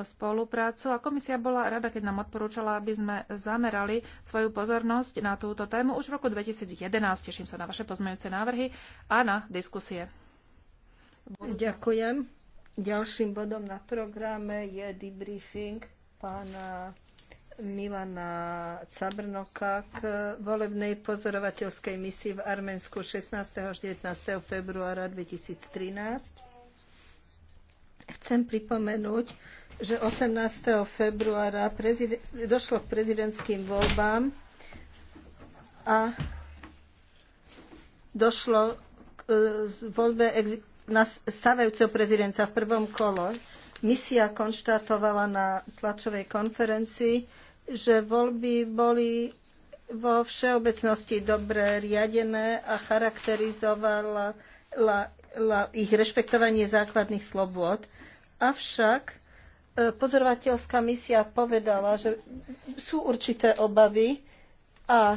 spoluprácu a komisia bola rada, keď nám odporúčala, aby sme zamerali svoju pozornosť na túto tému už v roku 2011. Teším sa na vaše pozmeňujúce návrhy a na diskusie. Ďakujem. Ďalším bodom na programe je debriefing pána Milana Cabrnoka k volebnej pozorovateľskej misii v Arménsku 16. až 19. februára 2013. Chcem pripomenúť, že 18. februára došlo k prezidentským voľbám a došlo k e, voľbe na stavajúceho prezidenta v prvom kole. Misia konštatovala na tlačovej konferencii, že voľby boli vo všeobecnosti dobre riadené a charakterizovala la, la, ich rešpektovanie základných slobôd. Avšak E, pozorovateľská misia povedala, že sú určité obavy a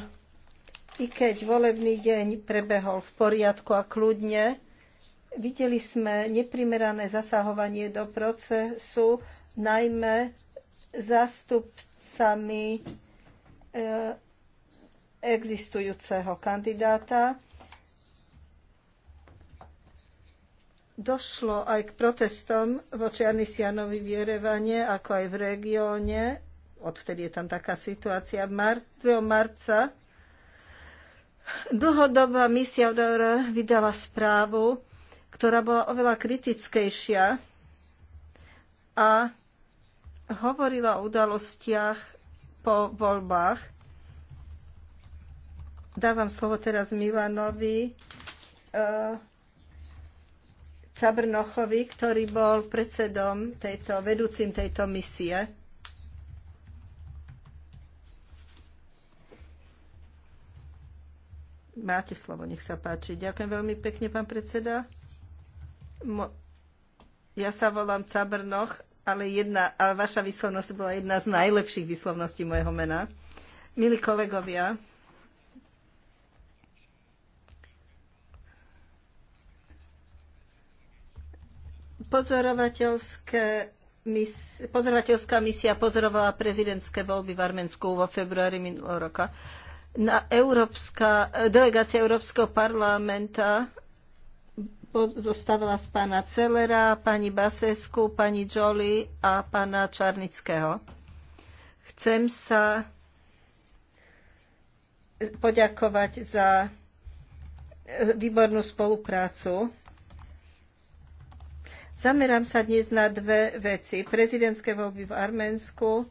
i keď volebný deň prebehol v poriadku a kľudne, videli sme neprimerané zasahovanie do procesu, najmä zástupcami e, existujúceho kandidáta Došlo aj k protestom voči Anisianovi v Jerevane, ako aj v regióne. Odvtedy je tam taká situácia. 2. marca dlhodobá misia ODR vydala správu, ktorá bola oveľa kritickejšia a hovorila o udalostiach po voľbách. Dávam slovo teraz Milanovi. Uh, Cabrnochovi, ktorý bol predsedom tejto, vedúcim tejto misie. Máte slovo, nech sa páči. Ďakujem veľmi pekne, pán predseda. Mo- ja sa volám Cabrnoch, ale, jedna, ale vaša výslovnosť bola jedna z najlepších výslovností mojho mena. Milí kolegovia, Pozorovateľské mis, pozorovateľská misia pozorovala prezidentské voľby v Arménsku vo februári minulého roka. Na Európska, delegácia Európskeho parlamenta zostávala z pána Celera, pani Basesku, pani Joly a pána Čarnického. Chcem sa poďakovať za výbornú spoluprácu Zamerám sa dnes na dve veci. Prezidentské voľby v Arménsku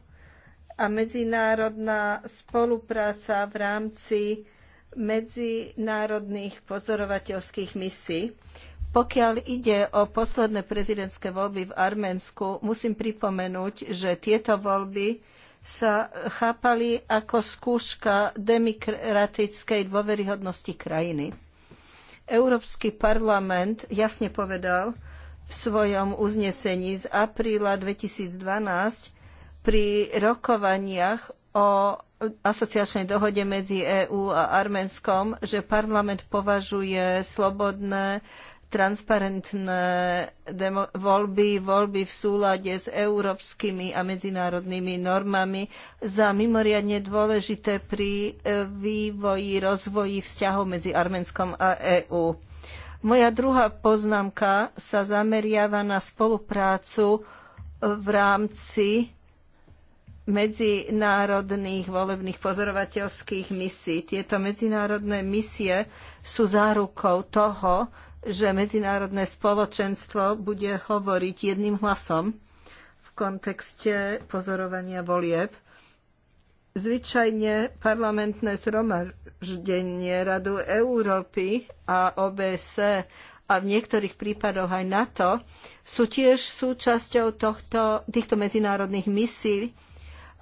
a medzinárodná spolupráca v rámci medzinárodných pozorovateľských misií. Pokiaľ ide o posledné prezidentské voľby v Arménsku, musím pripomenúť, že tieto voľby sa chápali ako skúška demokratickej dôveryhodnosti krajiny. Európsky parlament jasne povedal, v svojom uznesení z apríla 2012 pri rokovaniach o asociačnej dohode medzi EÚ a Arménskom, že parlament považuje slobodné, transparentné voľby, voľby v súlade s európskymi a medzinárodnými normami za mimoriadne dôležité pri e, vývoji, rozvoji vzťahov medzi Arménskom a EÚ moja druhá poznámka sa zameriava na spoluprácu v rámci medzinárodných volebných pozorovateľských misií. Tieto medzinárodné misie sú zárukou toho, že medzinárodné spoločenstvo bude hovoriť jedným hlasom v kontexte pozorovania volieb. Zvyčajne parlamentné zhromaždenie Radu Európy a OBS a v niektorých prípadoch aj NATO sú tiež súčasťou tohto, týchto medzinárodných misií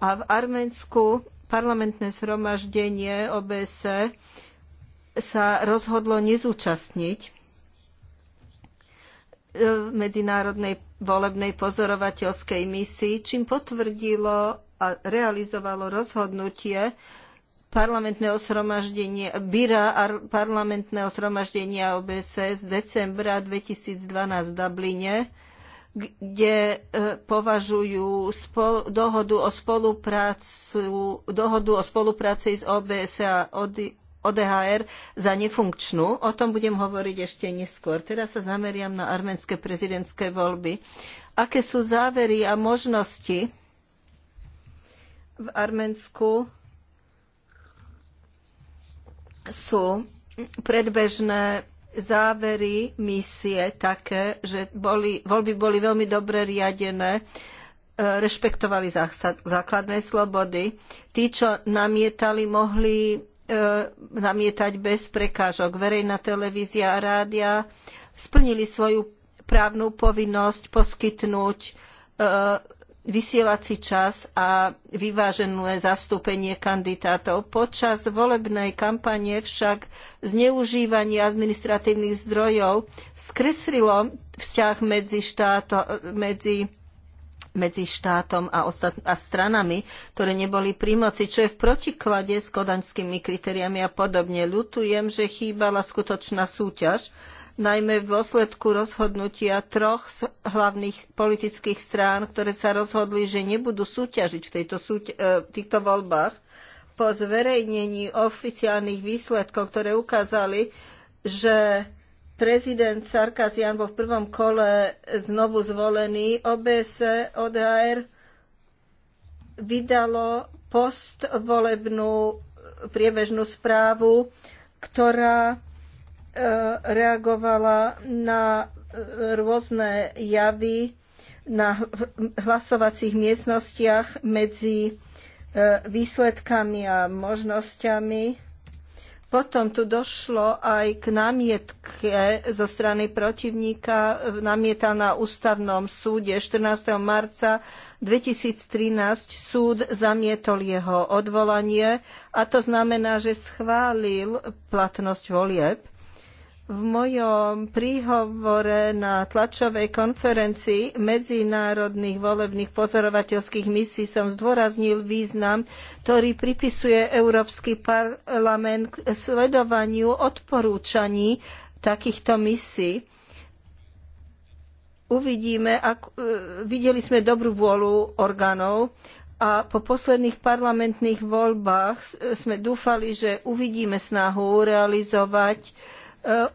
a v Arménsku parlamentné zhromaždenie OBS sa rozhodlo nezúčastniť e, medzinárodnej volebnej pozorovateľskej misii, čím potvrdilo a realizovalo rozhodnutie parlamentného shromaždenia, Byra parlamentného shromaždenia OBSE z decembra 2012 v Dubline, kde e, považujú spol, dohodu, o spoluprácu, dohodu o spolupráci s OBSE a ODHR za nefunkčnú. O tom budem hovoriť ešte neskôr. Teraz sa zameriam na arménske prezidentské voľby. Aké sú závery a možnosti v Arménsku sú predbežné závery misie také, že boli, voľby boli veľmi dobre riadené, e, rešpektovali zásad, základné slobody. Tí, čo namietali, mohli e, namietať bez prekážok. Verejná televízia a rádia splnili svoju právnu povinnosť poskytnúť e, vysielací čas a vyvážené zastúpenie kandidátov. Počas volebnej kampane však zneužívanie administratívnych zdrojov skreslilo vzťah medzi, štáto, medzi medzi štátom a, ostat- a stranami, ktoré neboli pri moci, čo je v protiklade s kodaňskými kritériami a podobne. Ľutujem, že chýbala skutočná súťaž najmä v dôsledku rozhodnutia troch hlavných politických strán, ktoré sa rozhodli, že nebudú súťažiť v tejto súť- e, týchto voľbách. Po zverejnení oficiálnych výsledkov, ktoré ukázali, že prezident Jan bol v prvom kole znovu zvolený, OBS, ODR vydalo postvolebnú priebežnú správu, ktorá E, reagovala na e, rôzne javy na hlasovacích miestnostiach medzi e, výsledkami a možnosťami. Potom tu došlo aj k námietke zo strany protivníka, namieta na ústavnom súde 14. marca 2013 súd zamietol jeho odvolanie a to znamená, že schválil platnosť volieb. V mojom príhovore na tlačovej konferencii medzinárodných volebných pozorovateľských misií som zdôraznil význam, ktorý pripisuje Európsky parlament k sledovaniu odporúčaní takýchto misií. Uvidíme, ak, e, videli sme dobrú vôľu orgánov, a po posledných parlamentných voľbách e, sme dúfali, že uvidíme snahu realizovať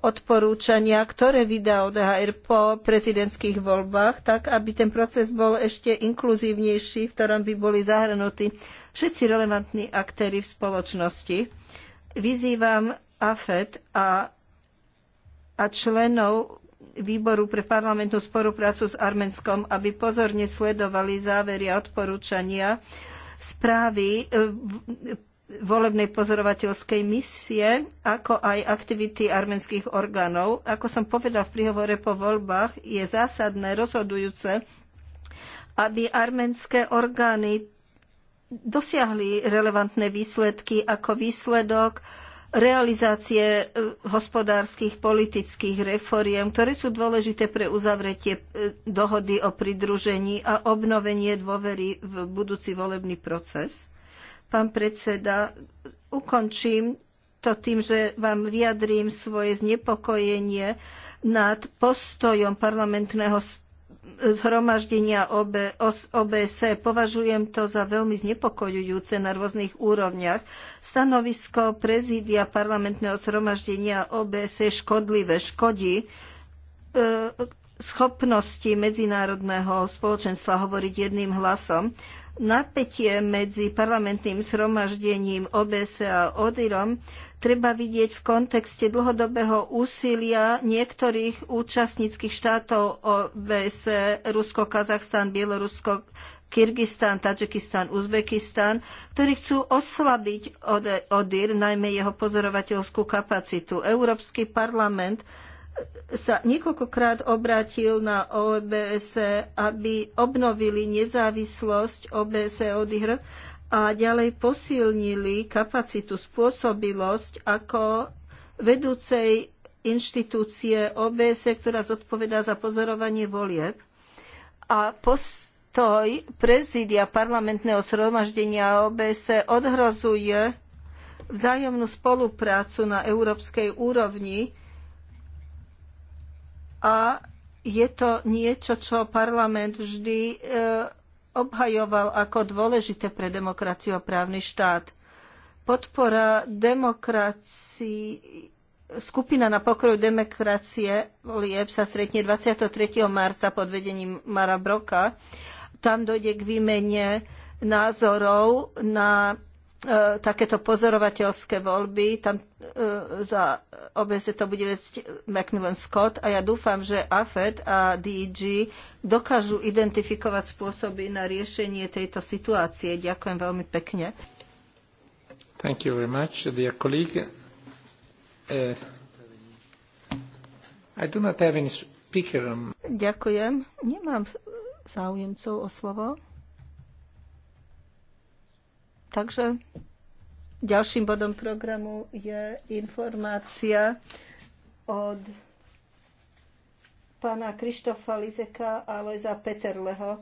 odporúčania, ktoré vydá ODHR po prezidentských voľbách, tak aby ten proces bol ešte inkluzívnejší, v ktorom by boli zahrnutí všetci relevantní aktéry v spoločnosti. Vyzývam AFET a, a členov výboru pre parlamentnú spoluprácu s Arménskom, aby pozorne sledovali závery a odporúčania správy volebnej pozorovateľskej misie, ako aj aktivity arménskych orgánov. Ako som povedal v príhovore po voľbách, je zásadné, rozhodujúce, aby arménske orgány dosiahli relevantné výsledky ako výsledok realizácie e, hospodárskych, politických reforiem, ktoré sú dôležité pre uzavretie e, dohody o pridružení a obnovenie dôvery v budúci volebný proces. Pán predseda, ukončím to tým, že vám vyjadrím svoje znepokojenie nad postojom parlamentného zhromaždenia OBSE. Považujem to za veľmi znepokojujúce na rôznych úrovniach. Stanovisko prezídia parlamentného zhromaždenia OBSE škodlivé škodí e, schopnosti medzinárodného spoločenstva hovoriť jedným hlasom. Napätie medzi parlamentným zhromaždením OBS e a ODIRom treba vidieť v kontexte dlhodobého úsilia niektorých účastníckých štátov OBS, e, Rusko, Kazachstan, Bielorusko, Kyrgyzstan, Tadžikistan, Uzbekistan, ktorí chcú oslabiť ODIR, najmä jeho pozorovateľskú kapacitu. Európsky parlament sa niekoľkokrát obrátil na OBS, aby obnovili nezávislosť OBS od IHR a ďalej posilnili kapacitu, spôsobilosť ako vedúcej inštitúcie OBS, ktorá zodpovedá za pozorovanie volieb. A postoj prezídia parlamentného zhromaždenia OBS odhrozuje vzájomnú spoluprácu na európskej úrovni, a je to niečo, čo parlament vždy e, obhajoval ako dôležité pre demokraciu a právny štát. Podpora demokracii, skupina na pokroju demokracie Lieb sa stretne 23. marca pod vedením Mara Broka. Tam dojde k výmene názorov na E, takéto pozorovateľské voľby. Tam e, za OBS to bude vesť Macmillan Scott a ja dúfam, že AFED a DEG dokážu identifikovať spôsoby na riešenie tejto situácie. Ďakujem veľmi pekne. Thank you very much, dear colleague. Uh, I do not have any speaker. Ďakujem. Nemám záujemcov o slovo. Takže ďalším bodom programu je informácia od pána Krištofa Lizeka a Lojza Peterleho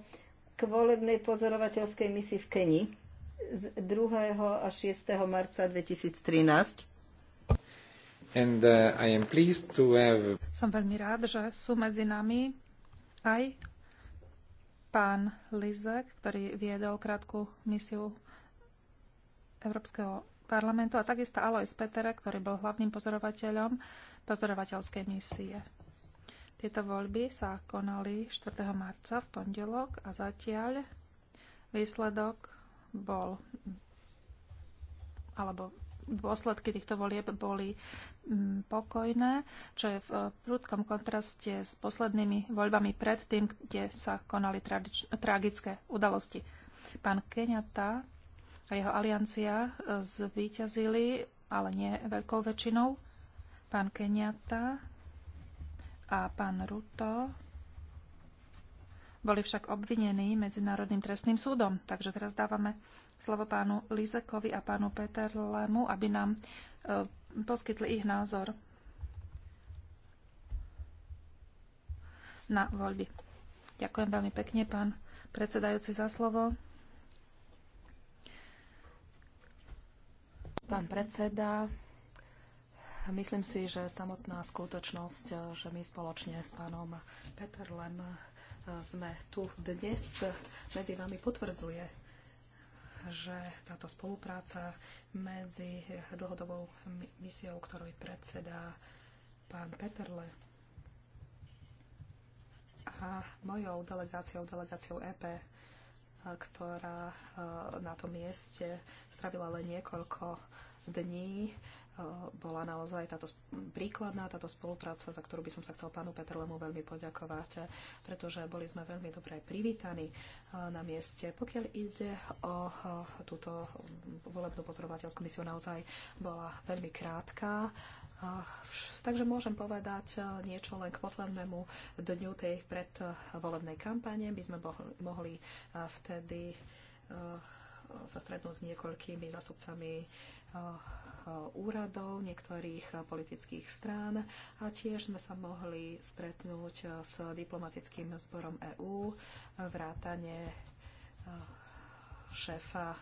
k volebnej pozorovateľskej misii v Keni z 2. a 6. marca 2013. And, uh, I am pleased to have... Som veľmi rád, že sú medzi nami aj pán Lizek, ktorý viedol krátku misiu Európskeho parlamentu a takisto Alois Petera, ktorý bol hlavným pozorovateľom pozorovateľskej misie. Tieto voľby sa konali 4. marca v pondelok a zatiaľ výsledok bol alebo dôsledky týchto volieb boli mm, pokojné, čo je v eh, prudkom kontraste s poslednými voľbami predtým, kde sa konali tragické udalosti. Pán Kenyatta a jeho aliancia e, zvíťazili, ale nie veľkou väčšinou. Pán Kenyatta a pán Ruto boli však obvinení Medzinárodným trestným súdom. Takže teraz dávame slovo pánu Lizekovi a pánu Peterlemu, aby nám e, poskytli ich názor na voľby. Ďakujem veľmi pekne, pán predsedajúci, za slovo. Pán predseda, myslím si, že samotná skutočnosť, že my spoločne s pánom Peterlem eh, sme tu dnes medzi vami potvrdzuje, že táto spolupráca medzi dlhodobou misiou, ktorou predsedá pán Peterle a mojou delegáciou, delegáciou EP ktorá eh, na tom mieste stravila len niekoľko dní. Eh, bola naozaj táto príkladná, táto spolupráca, za ktorú by som sa chcel pánu Petrlemu veľmi poďakovať, eh, pretože boli sme veľmi dobre privítaní na mieste. Pokiaľ ide o túto mm, volebnú pozorovateľskú misiu, naozaj bola veľmi krátka Takže môžem povedať e, niečo len k poslednému dňu tej predvolebnej kampane. My sme mohli e, vtedy e, sa stretnúť s niekoľkými zastupcami úradov niektorých politických strán a tiež sme sa mohli stretnúť s diplomatickým zborom EÚ, vrátane šéfa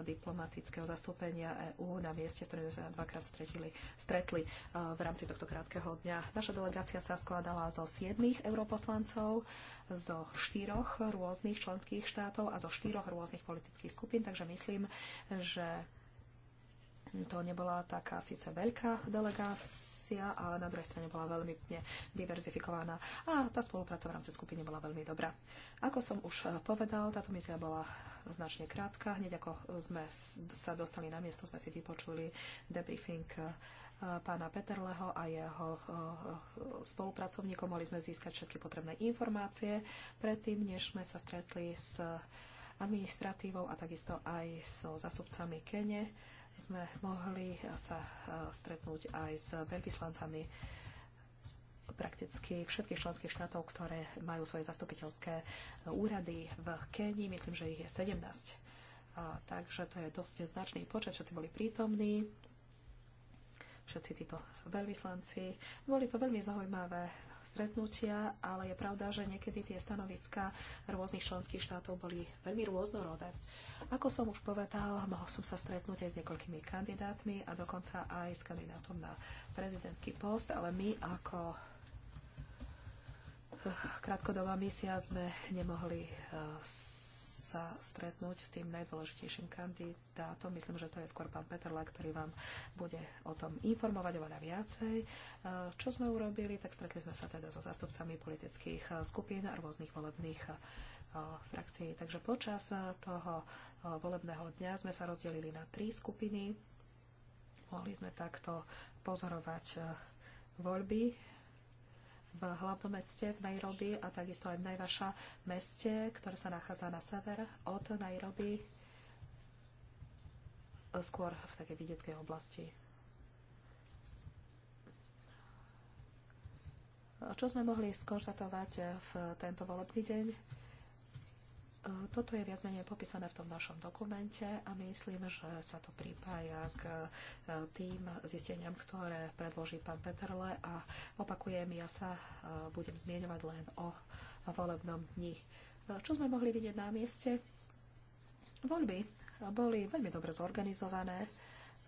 diplomatického zastúpenia EÚ na mieste, s ktorým sme sa dvakrát stretili, stretli e, v rámci tohto krátkeho dňa. Naša delegácia sa skladala zo siedmých europoslancov, zo štyroch rôznych členských štátov a zo štyroch rôznych politických skupín, takže myslím, že to nebola taká síce veľká delegácia, ale na druhej strane bola veľmi diverzifikovaná a tá spolupráca v rámci skupiny bola veľmi dobrá. Ako som už e, povedal, táto misia bola značne krátka. Hneď ako sme sa dostali na miesto, sme si vypočuli debriefing e, pána Peterleho a jeho e, spolupracovníkov. Mohli sme získať všetky potrebné informácie predtým, než sme sa stretli s administratívou a takisto aj so zastupcami Kene sme mohli sa e, stretnúť aj s veľvyslancami prakticky všetkých členských štátov, ktoré majú svoje zastupiteľské e, úrady v Kenii. Myslím, že ich je 17. A, takže to je dosť značný počet, všetci boli prítomní, všetci títo veľvyslanci. Boli to veľmi zaujímavé e, stretnutia, ale je pravda, že niekedy tie stanoviska rôznych členských štátov boli veľmi rôznorodé. Ako som už povedal, mohol som sa stretnúť aj s niekoľkými kandidátmi a dokonca aj s kandidátom na prezidentský post, ale my ako eh, krátkodobá misia sme nemohli eh, sa stretnúť s tým najdôležitejším kandidátom. Myslím, že to je skôr pán Peterle, ktorý vám bude o tom informovať oveľa viacej. E, čo sme urobili, tak stretli sme sa teda so zástupcami politických e, skupín a rôznych volebných e, frakcií. Takže počas toho volebného dňa sme sa rozdelili na tri skupiny. Mohli sme takto pozorovať voľby v hlavnom meste v Nairobi a takisto aj v najvaša meste, ktoré sa nachádza na sever od Nairobi, skôr v takej vidieckej oblasti. Čo sme mohli skonštatovať v tento volebný deň? E, toto je viac menej popísané v tom našom dokumente a myslím, že sa to pripája k e, tým zisteniam, ktoré predloží pán Peterle a opakujem, ja sa e, budem zmieňovať len o volebnom dni. Čo sme mohli vidieť na mieste? Voľby boli veľmi dobre zorganizované.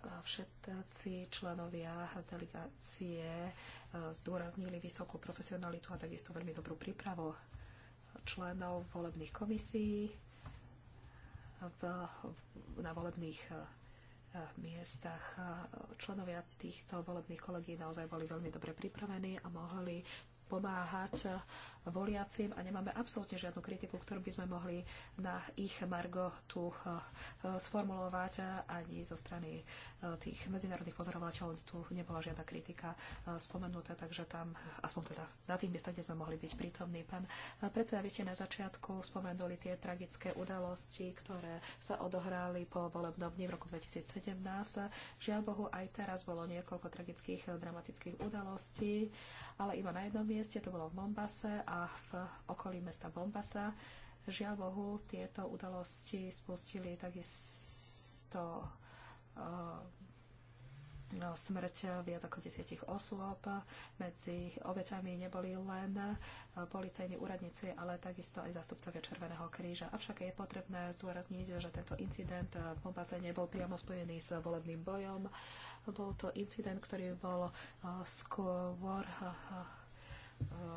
Všetci členovia delegácie zdôraznili vysokú profesionalitu a takisto veľmi dobrú prípravu členov volebných komisí v, na volebných eh, miestach. Členovia týchto volebných kolegí naozaj boli veľmi dobre pripravení a mohli pomáhať eh, voliacim a nemáme absolútne žiadnu kritiku, ktorú by sme mohli na ich margo tu eh, sformulovať eh, ani zo strany eh, tých medzinárodných pozorovateľov. Tu nebola žiadna kritika spomenutá, takže tam, aspoň teda na tých miestach, kde sme mohli byť prítomní. Pán predseda, vy ste na začiatku spomenuli tie tragické udalosti, ktoré sa odohrali po volebnom dni v roku 2017. Žiaľ Bohu, aj teraz bolo niekoľko tragických, dramatických udalostí, ale iba na jednom mieste, to bolo v Mombase a a v okolí mesta Bombasa. Žiaľ Bohu, tieto udalosti spustili takisto eh, no, smrť viac ako desiatich osôb. Medzi obeťami neboli len eh, policajní úradníci, ale takisto aj zástupcovia Červeného kríža. Avšak je potrebné zdôrazniť, že tento incident v Bombaze nebol priamo spojený s volebným bojom. Bol to incident, ktorý bol eh, skôr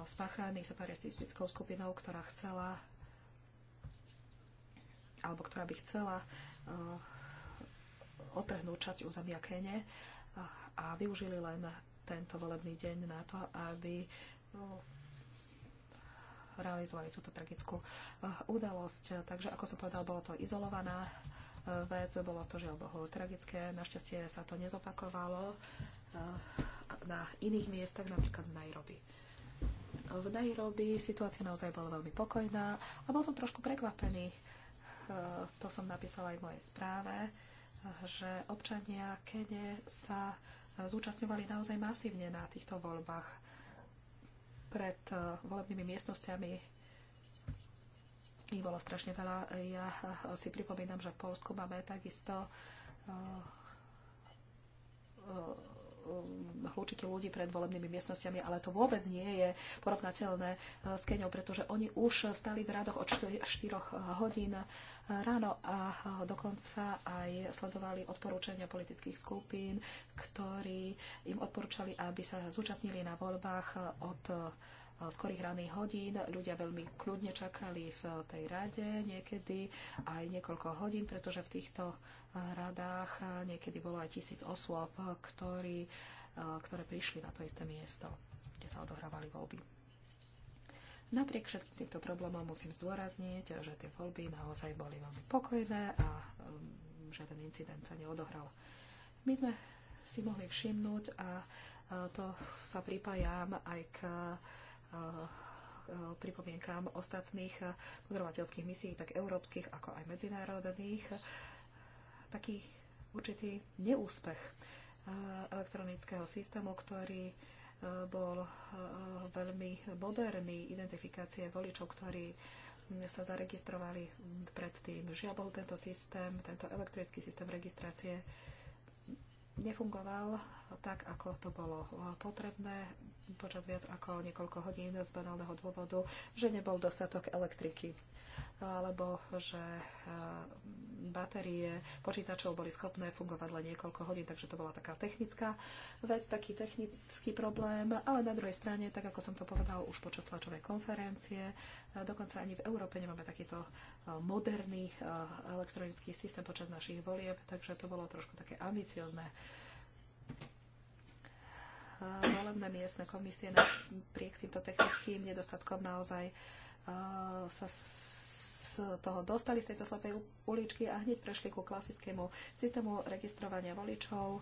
spáchaných separatistickou skupinou, ktorá chcela alebo ktorá by chcela eh, otrhnúť časť územia Kene a využili len tento volebný deň na to, aby eh, realizovali túto tragickú eh, udalosť. Takže, ako som povedal, bolo to izolovaná vec, bolo to žiaľ Bohu tragické. Našťastie sa to nezopakovalo na iných miestach, napríklad v Nairobi v Nairobi situácia naozaj bola veľmi pokojná a bol som trošku prekvapený. Eh, to som napísala aj v mojej správe, že občania Kene sa zúčastňovali naozaj masívne na týchto voľbách pred eh, volebnými miestnosťami ich bolo strašne veľa. Ja eh, si pripomínam, že v Polsku máme takisto Um, hlučiky ľudí pred volebnými miestnosťami, ale to vôbec nie je porovnateľné uh, s Keňou, pretože oni už stali v radoch od 4 uh, hodín ráno a uh, dokonca aj sledovali odporúčania politických skupín, ktorí im odporúčali, aby sa zúčastnili na voľbách od skorých ranných hodín. Ľudia veľmi kľudne čakali v tej rade, niekedy aj niekoľko hodín, pretože v týchto eh, radách eh, niekedy bolo aj tisíc osôb, ktorí, eh, ktoré prišli na to isté miesto, kde sa odohrávali voľby. Napriek všetkým týmto problémom musím zdôrazniť, že tie voľby naozaj boli veľmi pokojné a ehm, žiaden incident sa neodohral. My sme si mohli všimnúť a to sa pripájam aj k Eh, eh, pripomienkám ostatných eh, pozorovateľských misií, tak európskych, ako aj medzinárodných, taký určitý neúspech elektronického systému, ktorý bol veľmi moderný identifikácie voličov, ktorí hm, sa zaregistrovali predtým. Žiaľ bol tento systém, tento elektrický systém registrácie nefungoval tak, ako to bolo potrebné počas viac ako niekoľko hodín z banálneho dôvodu, že nebol dostatok elektriky alebo že eh, batérie počítačov boli schopné fungovať len niekoľko hodín, takže to bola taká technická vec, taký technický problém, ale na druhej strane, tak ako som to povedal už počas tlačovej konferencie, eh, dokonca ani v Európe nemáme takýto eh, moderný elektronický systém počas našich volieb, takže to bolo trošku také ambiciozne volebné miestne komisie napriek týmto technickým nedostatkom naozaj sa toho dostali z tejto slepej uličky a hneď prešli ku klasickému systému registrovania voličov e,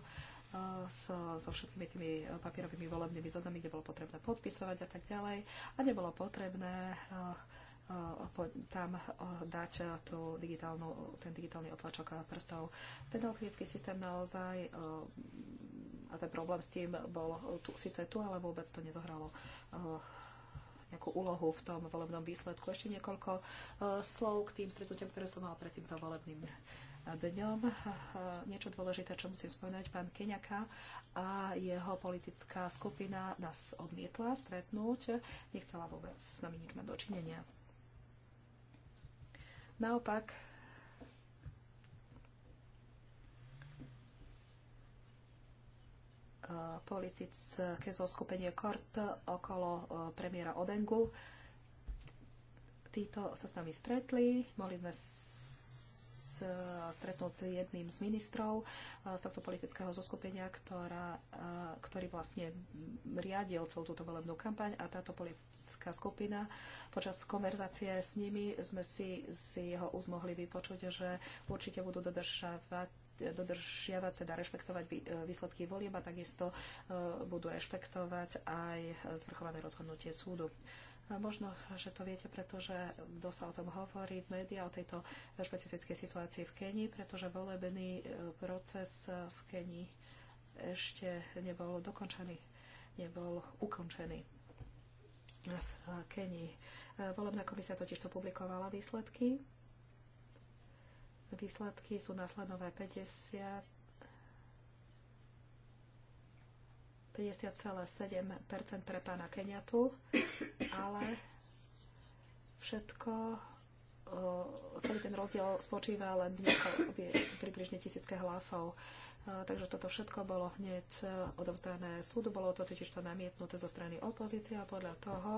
so, so všetkými tými e, papierovými volebnými zoznami, kde bolo potrebné podpisovať a tak ďalej. A nebolo potrebné e, tam dať tú digitálnu, ten digitálny otlačok prstov. Ten elektrický systém naozaj a ten problém s tým bol tu, síce tu, ale vôbec to nezohralo nejakú úlohu v tom volebnom výsledku. Ešte niekoľko e, slov k tým stretnutiam, ktoré som mala pred týmto volebným dňom. E, niečo dôležité, čo musím spomenúť, pán Keňaka a jeho politická skupina nás odmietla stretnúť. Nechcela vôbec s nami nič mať dočinenia. Naopak, politické zoskupenie KORT okolo e, premiéra Odengu. Títo sa s nami stretli, mohli sme stretnúť s jedným z ministrov e, z tohto politického zoskupenia, ktorá, e, ktorý vlastne riadil celú túto volebnú kampaň a táto politická skupina počas konverzácie s nimi sme si z jeho uzmohli vypočuť, že určite budú dodržavať dodržiavať, teda rešpektovať výsledky volieb a takisto e, budú rešpektovať aj zvrchované rozhodnutie súdu. E, možno, že to viete, pretože kto sa o tom hovorí v médiá, o tejto špecifickej situácii v Kenii, pretože volebný e, proces v Kenii ešte nebol dokončený, nebol ukončený v Kenii. Volebná komisia totiž to publikovala výsledky Výsledky sú následové 50 50,7% pre pána Keniatu, ale všetko, celý ten rozdiel spočíva len v v približne tisícke hlasov. Takže toto všetko bolo hneď odovzdané súdu, bolo to totiž to namietnuté zo strany opozície a podľa toho,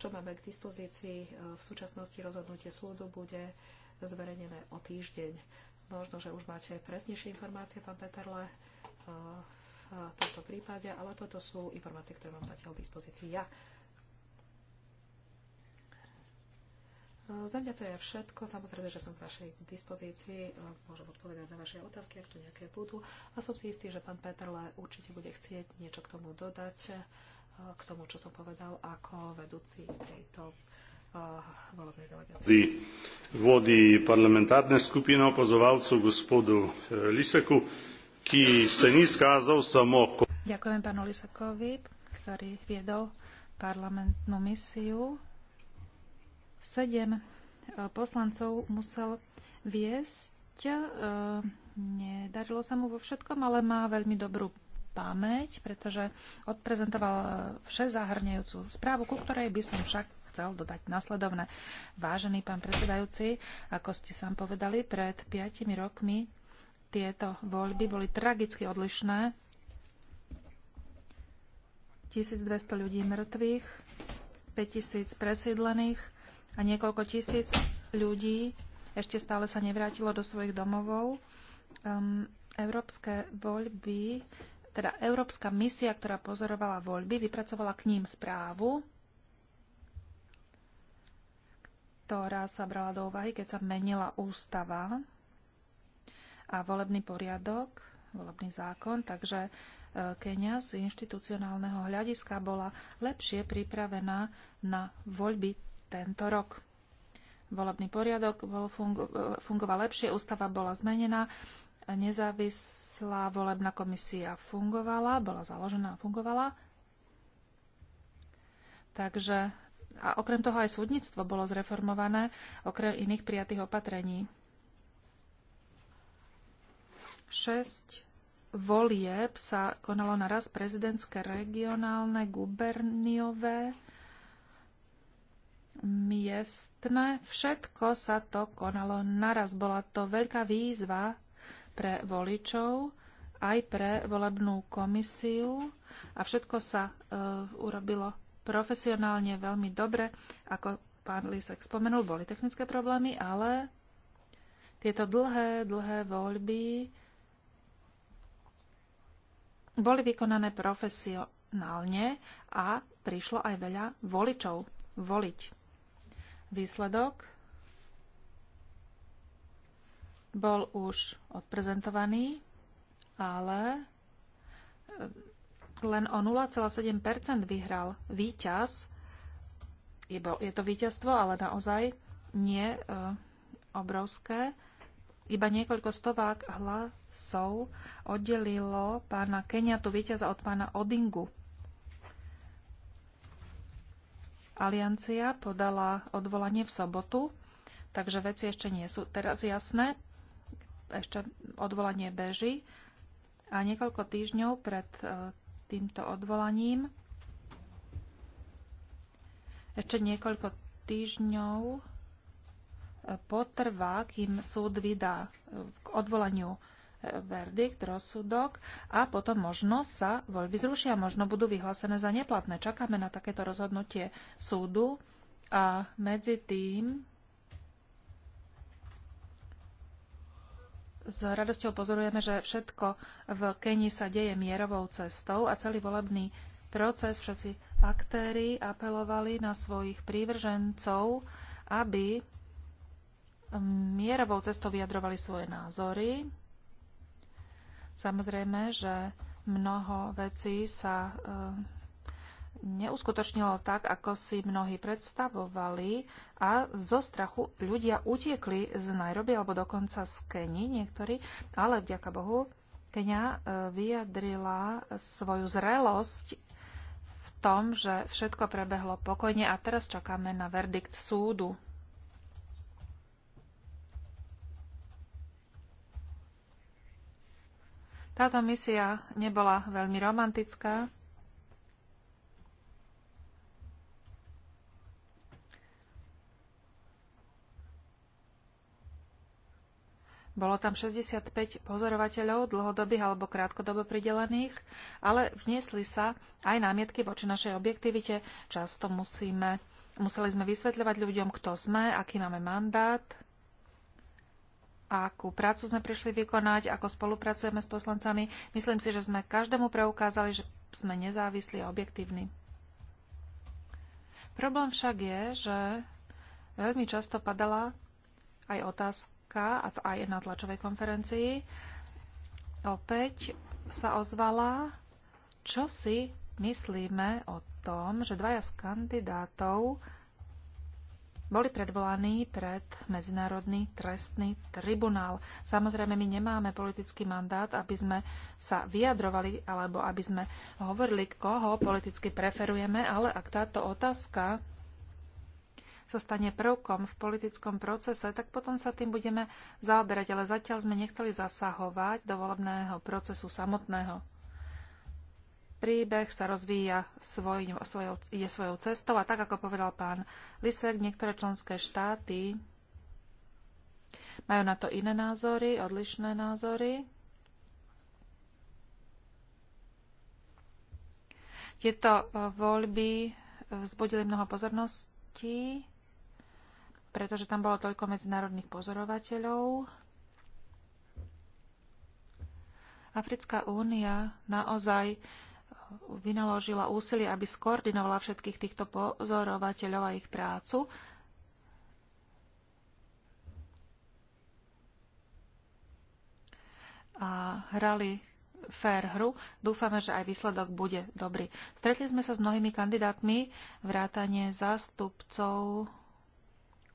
čo máme k dispozícii e, v súčasnosti rozhodnutie súdu, bude zverejnené o týždeň. Možno, že už máte presnejšie informácie, pán Peterle, eh, v tomto prípade, ale toto sú informácie, ktoré mám zatiaľ v dispozícii ja. Eh, za mňa to je všetko. Samozrejme, že som k vašej dispozícii. Eh, môžem odpovedať na vaše otázky, ak tu nejaké budú. A som si istý, že pán Peterle určite bude chcieť niečo k tomu dodať, k tomu, čo som povedal ako vedúci tejto Eh, Vodi parlamentarne skupine opozovalcev gospodu eh, Liseku, ki se ni skázal samo... Ďakujem pánu Lisekovi, ktorý viedol parlamentnú misiu. Sedem eh, poslancov musel viesť. Nedarilo sa mu vo všetkom, ale má veľmi dobrú pamäť, pretože odprezentoval všezahrňajúcu správu, ku ktorej by som však chcel dodať nasledovné. Vážený pán predsedajúci, ako ste sám povedali, pred piatimi rokmi tieto voľby boli tragicky odlišné. 1200 ľudí mŕtvych, 5000 presídlených a niekoľko tisíc ľudí ešte stále sa nevrátilo do svojich domovov. Um, európske voľby, teda európska misia, ktorá pozorovala voľby, vypracovala k ním správu ktorá sa brala do úvahy, keď sa menila ústava a volebný poriadok, volebný zákon, takže e, Kenia z inštitucionálneho hľadiska bola lepšie pripravená na voľby tento rok. Volebný poriadok bol fungo- e, fungoval lepšie, ústava bola zmenená, nezávislá volebná komisia fungovala, bola založená a fungovala. Takže a okrem toho aj súdnictvo bolo zreformované, okrem iných prijatých opatrení. 6 volieb sa konalo naraz prezidentské, regionálne, guberniové, miestne. Všetko sa to konalo naraz. Bola to veľká výzva pre voličov, aj pre volebnú komisiu a všetko sa e, urobilo profesionálne veľmi dobre. Ako pán Lisek spomenul, boli technické problémy, ale tieto dlhé, dlhé voľby boli vykonané profesionálne a prišlo aj veľa voličov voliť. Výsledok bol už odprezentovaný, ale len o 0,7 vyhral víťaz. Je to víťazstvo, ale naozaj nie e, obrovské. Iba niekoľko stovák hlasov oddelilo pána Keniatu víťaza od pána Odingu. Aliancia podala odvolanie v sobotu, takže veci ešte nie sú teraz jasné. Ešte odvolanie beží. A niekoľko týždňov pred e, týmto odvolaním. Ešte niekoľko týždňov e, potrvá, kým súd vydá e, k odvolaniu e, verdikt, rozsudok a potom možno sa voľby zrušia, možno budú vyhlásené za neplatné. Čakáme na takéto rozhodnutie súdu a medzi tým s radosťou pozorujeme, že všetko v Kenii sa deje mierovou cestou a celý volebný proces všetci aktéry apelovali na svojich prívržencov, aby mm, mierovou cestou vyjadrovali svoje názory. Samozrejme, že mnoho vecí sa eh, neuskutočnilo tak, ako si mnohí predstavovali a zo strachu ľudia utiekli z Nairobi alebo dokonca z Keni niektorí, ale vďaka Bohu Kenia e, vyjadrila svoju zrelosť v tom, že všetko prebehlo pokojne a teraz čakáme na verdikt súdu. Táto misia nebola veľmi romantická, Bolo tam 65 pozorovateľov dlhodobých alebo krátkodobo pridelených, ale vzniesli sa aj námietky voči našej objektivite. Často musíme, museli sme vysvetľovať ľuďom, kto sme, aký máme mandát, akú prácu sme prišli vykonať, ako spolupracujeme s poslancami. Myslím si, že sme každému preukázali, že sme nezávislí a objektívni. Problém však je, že veľmi často padala aj otázka, Baška, a to aj na tlačovej konferencii, opäť sa ozvala, čo si myslíme o tom, že dvaja z kandidátov boli predvolaní pred Medzinárodný trestný tribunál. Samozrejme, my nemáme politický mandát, aby sme sa vyjadrovali alebo aby sme hovorili, koho politicky preferujeme, ale ak táto otázka sa stane prvkom v politickom procese, tak potom sa tým budeme zaoberať. Ale zatiaľ sme nechceli zasahovať do volebného procesu samotného. Príbeh sa rozvíja svoj, svojou, ide svojou cestou a tak, ako povedal pán Lisek, niektoré členské štáty majú na to iné názory, odlišné názory. Tieto voľby vzbudili mnoho pozorností pretože tam bolo toľko medzinárodných pozorovateľov. Africká únia naozaj vynaložila úsilie, aby skoordinovala všetkých týchto pozorovateľov a ich prácu. A hrali fair hru. Dúfame, že aj výsledok bude dobrý. Stretli sme sa s mnohými kandidátmi, vrátane zástupcov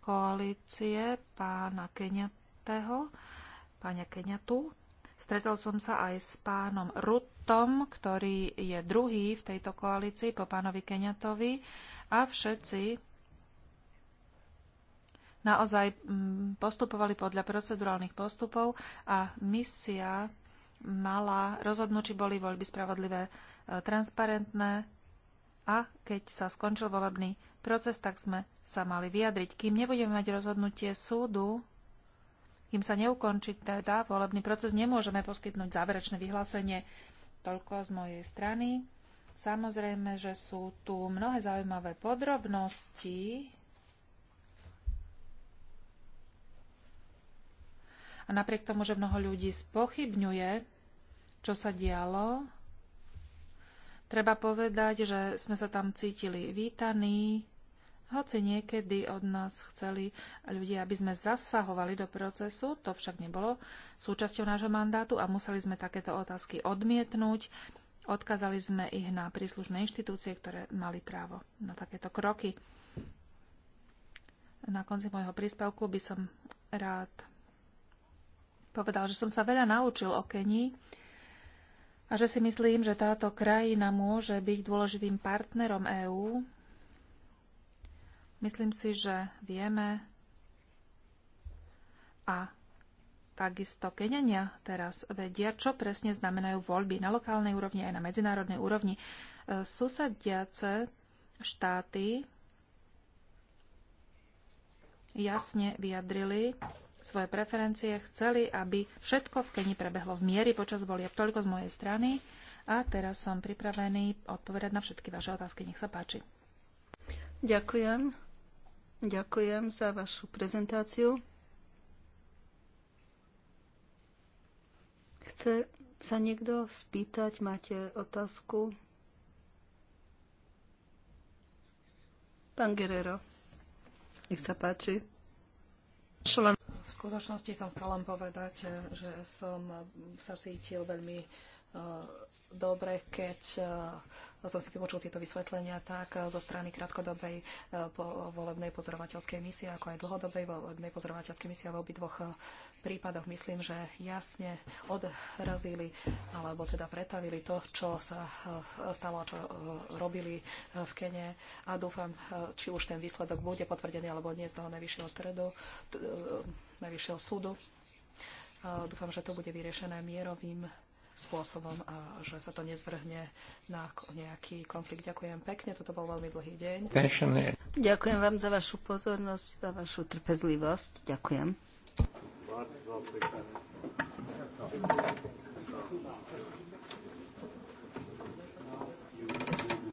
koalície pána Keniatého, pána Keniatu. Stretol som sa aj s pánom Rutom, ktorý je druhý v tejto koalícii po pánovi Keniatovi a všetci naozaj mm, postupovali podľa procedurálnych postupov a misia mala rozhodnúť, či boli voľby spravodlivé, e, transparentné a keď sa skončil volebný proces, tak sme sa mali vyjadriť. Kým nebudeme mať rozhodnutie súdu, kým sa neukončí teda volebný proces, nemôžeme poskytnúť záverečné vyhlásenie. Toľko z mojej strany. Samozrejme, že sú tu mnohé zaujímavé podrobnosti. A napriek tomu, že mnoho ľudí spochybňuje, čo sa dialo, Treba povedať, že sme sa tam cítili vítaní, hoci niekedy od nás chceli ľudia, aby sme zasahovali do procesu, to však nebolo súčasťou nášho mandátu a museli sme takéto otázky odmietnúť. Odkazali sme ich na príslušné inštitúcie, ktoré mali právo na takéto kroky. Na konci môjho príspevku by som rád povedal, že som sa veľa naučil o Kenii a že si myslím, že táto krajina môže byť dôležitým partnerom EÚ. Myslím si, že vieme a takisto Kenenia teraz vedia, čo presne znamenajú voľby na lokálnej úrovni aj na medzinárodnej úrovni. E, susediace štáty jasne vyjadrili, svoje preferencie, chceli, aby všetko v Keni prebehlo v miery počas volieb. Toľko z mojej strany a teraz som pripravený odpovedať na všetky vaše otázky. Nech sa páči. Ďakujem. Ďakujem za vašu prezentáciu. Chce sa niekto spýtať? Máte otázku? Pán Guerrero, nech sa páči. Šolan. V skutočnosti som chcela povedať, že som sa cítil veľmi Eh, dobre, keď eh, som si vypočul tieto vysvetlenia tak eh, zo strany krátkodobej volebnej pozorovateľskej misie, ako aj dlhodobej volebnej pozorovateľskej misie v obidvoch prípadoch myslím, že jasne odrazili alebo teda pretavili to, čo sa stalo a čo robili v Kene a dúfam, či už ten výsledok bude potvrdený alebo nie z toho najvyššieho, tredu, najvyššieho súdu. Dúfam, že to bude vyriešené mierovým spôsobom a že sa to nezvrhne na nejaký konflikt. Ďakujem pekne, toto bol veľmi dlhý deň. Ďakujem vám za vašu pozornosť, za vašu trpezlivosť. Ďakujem.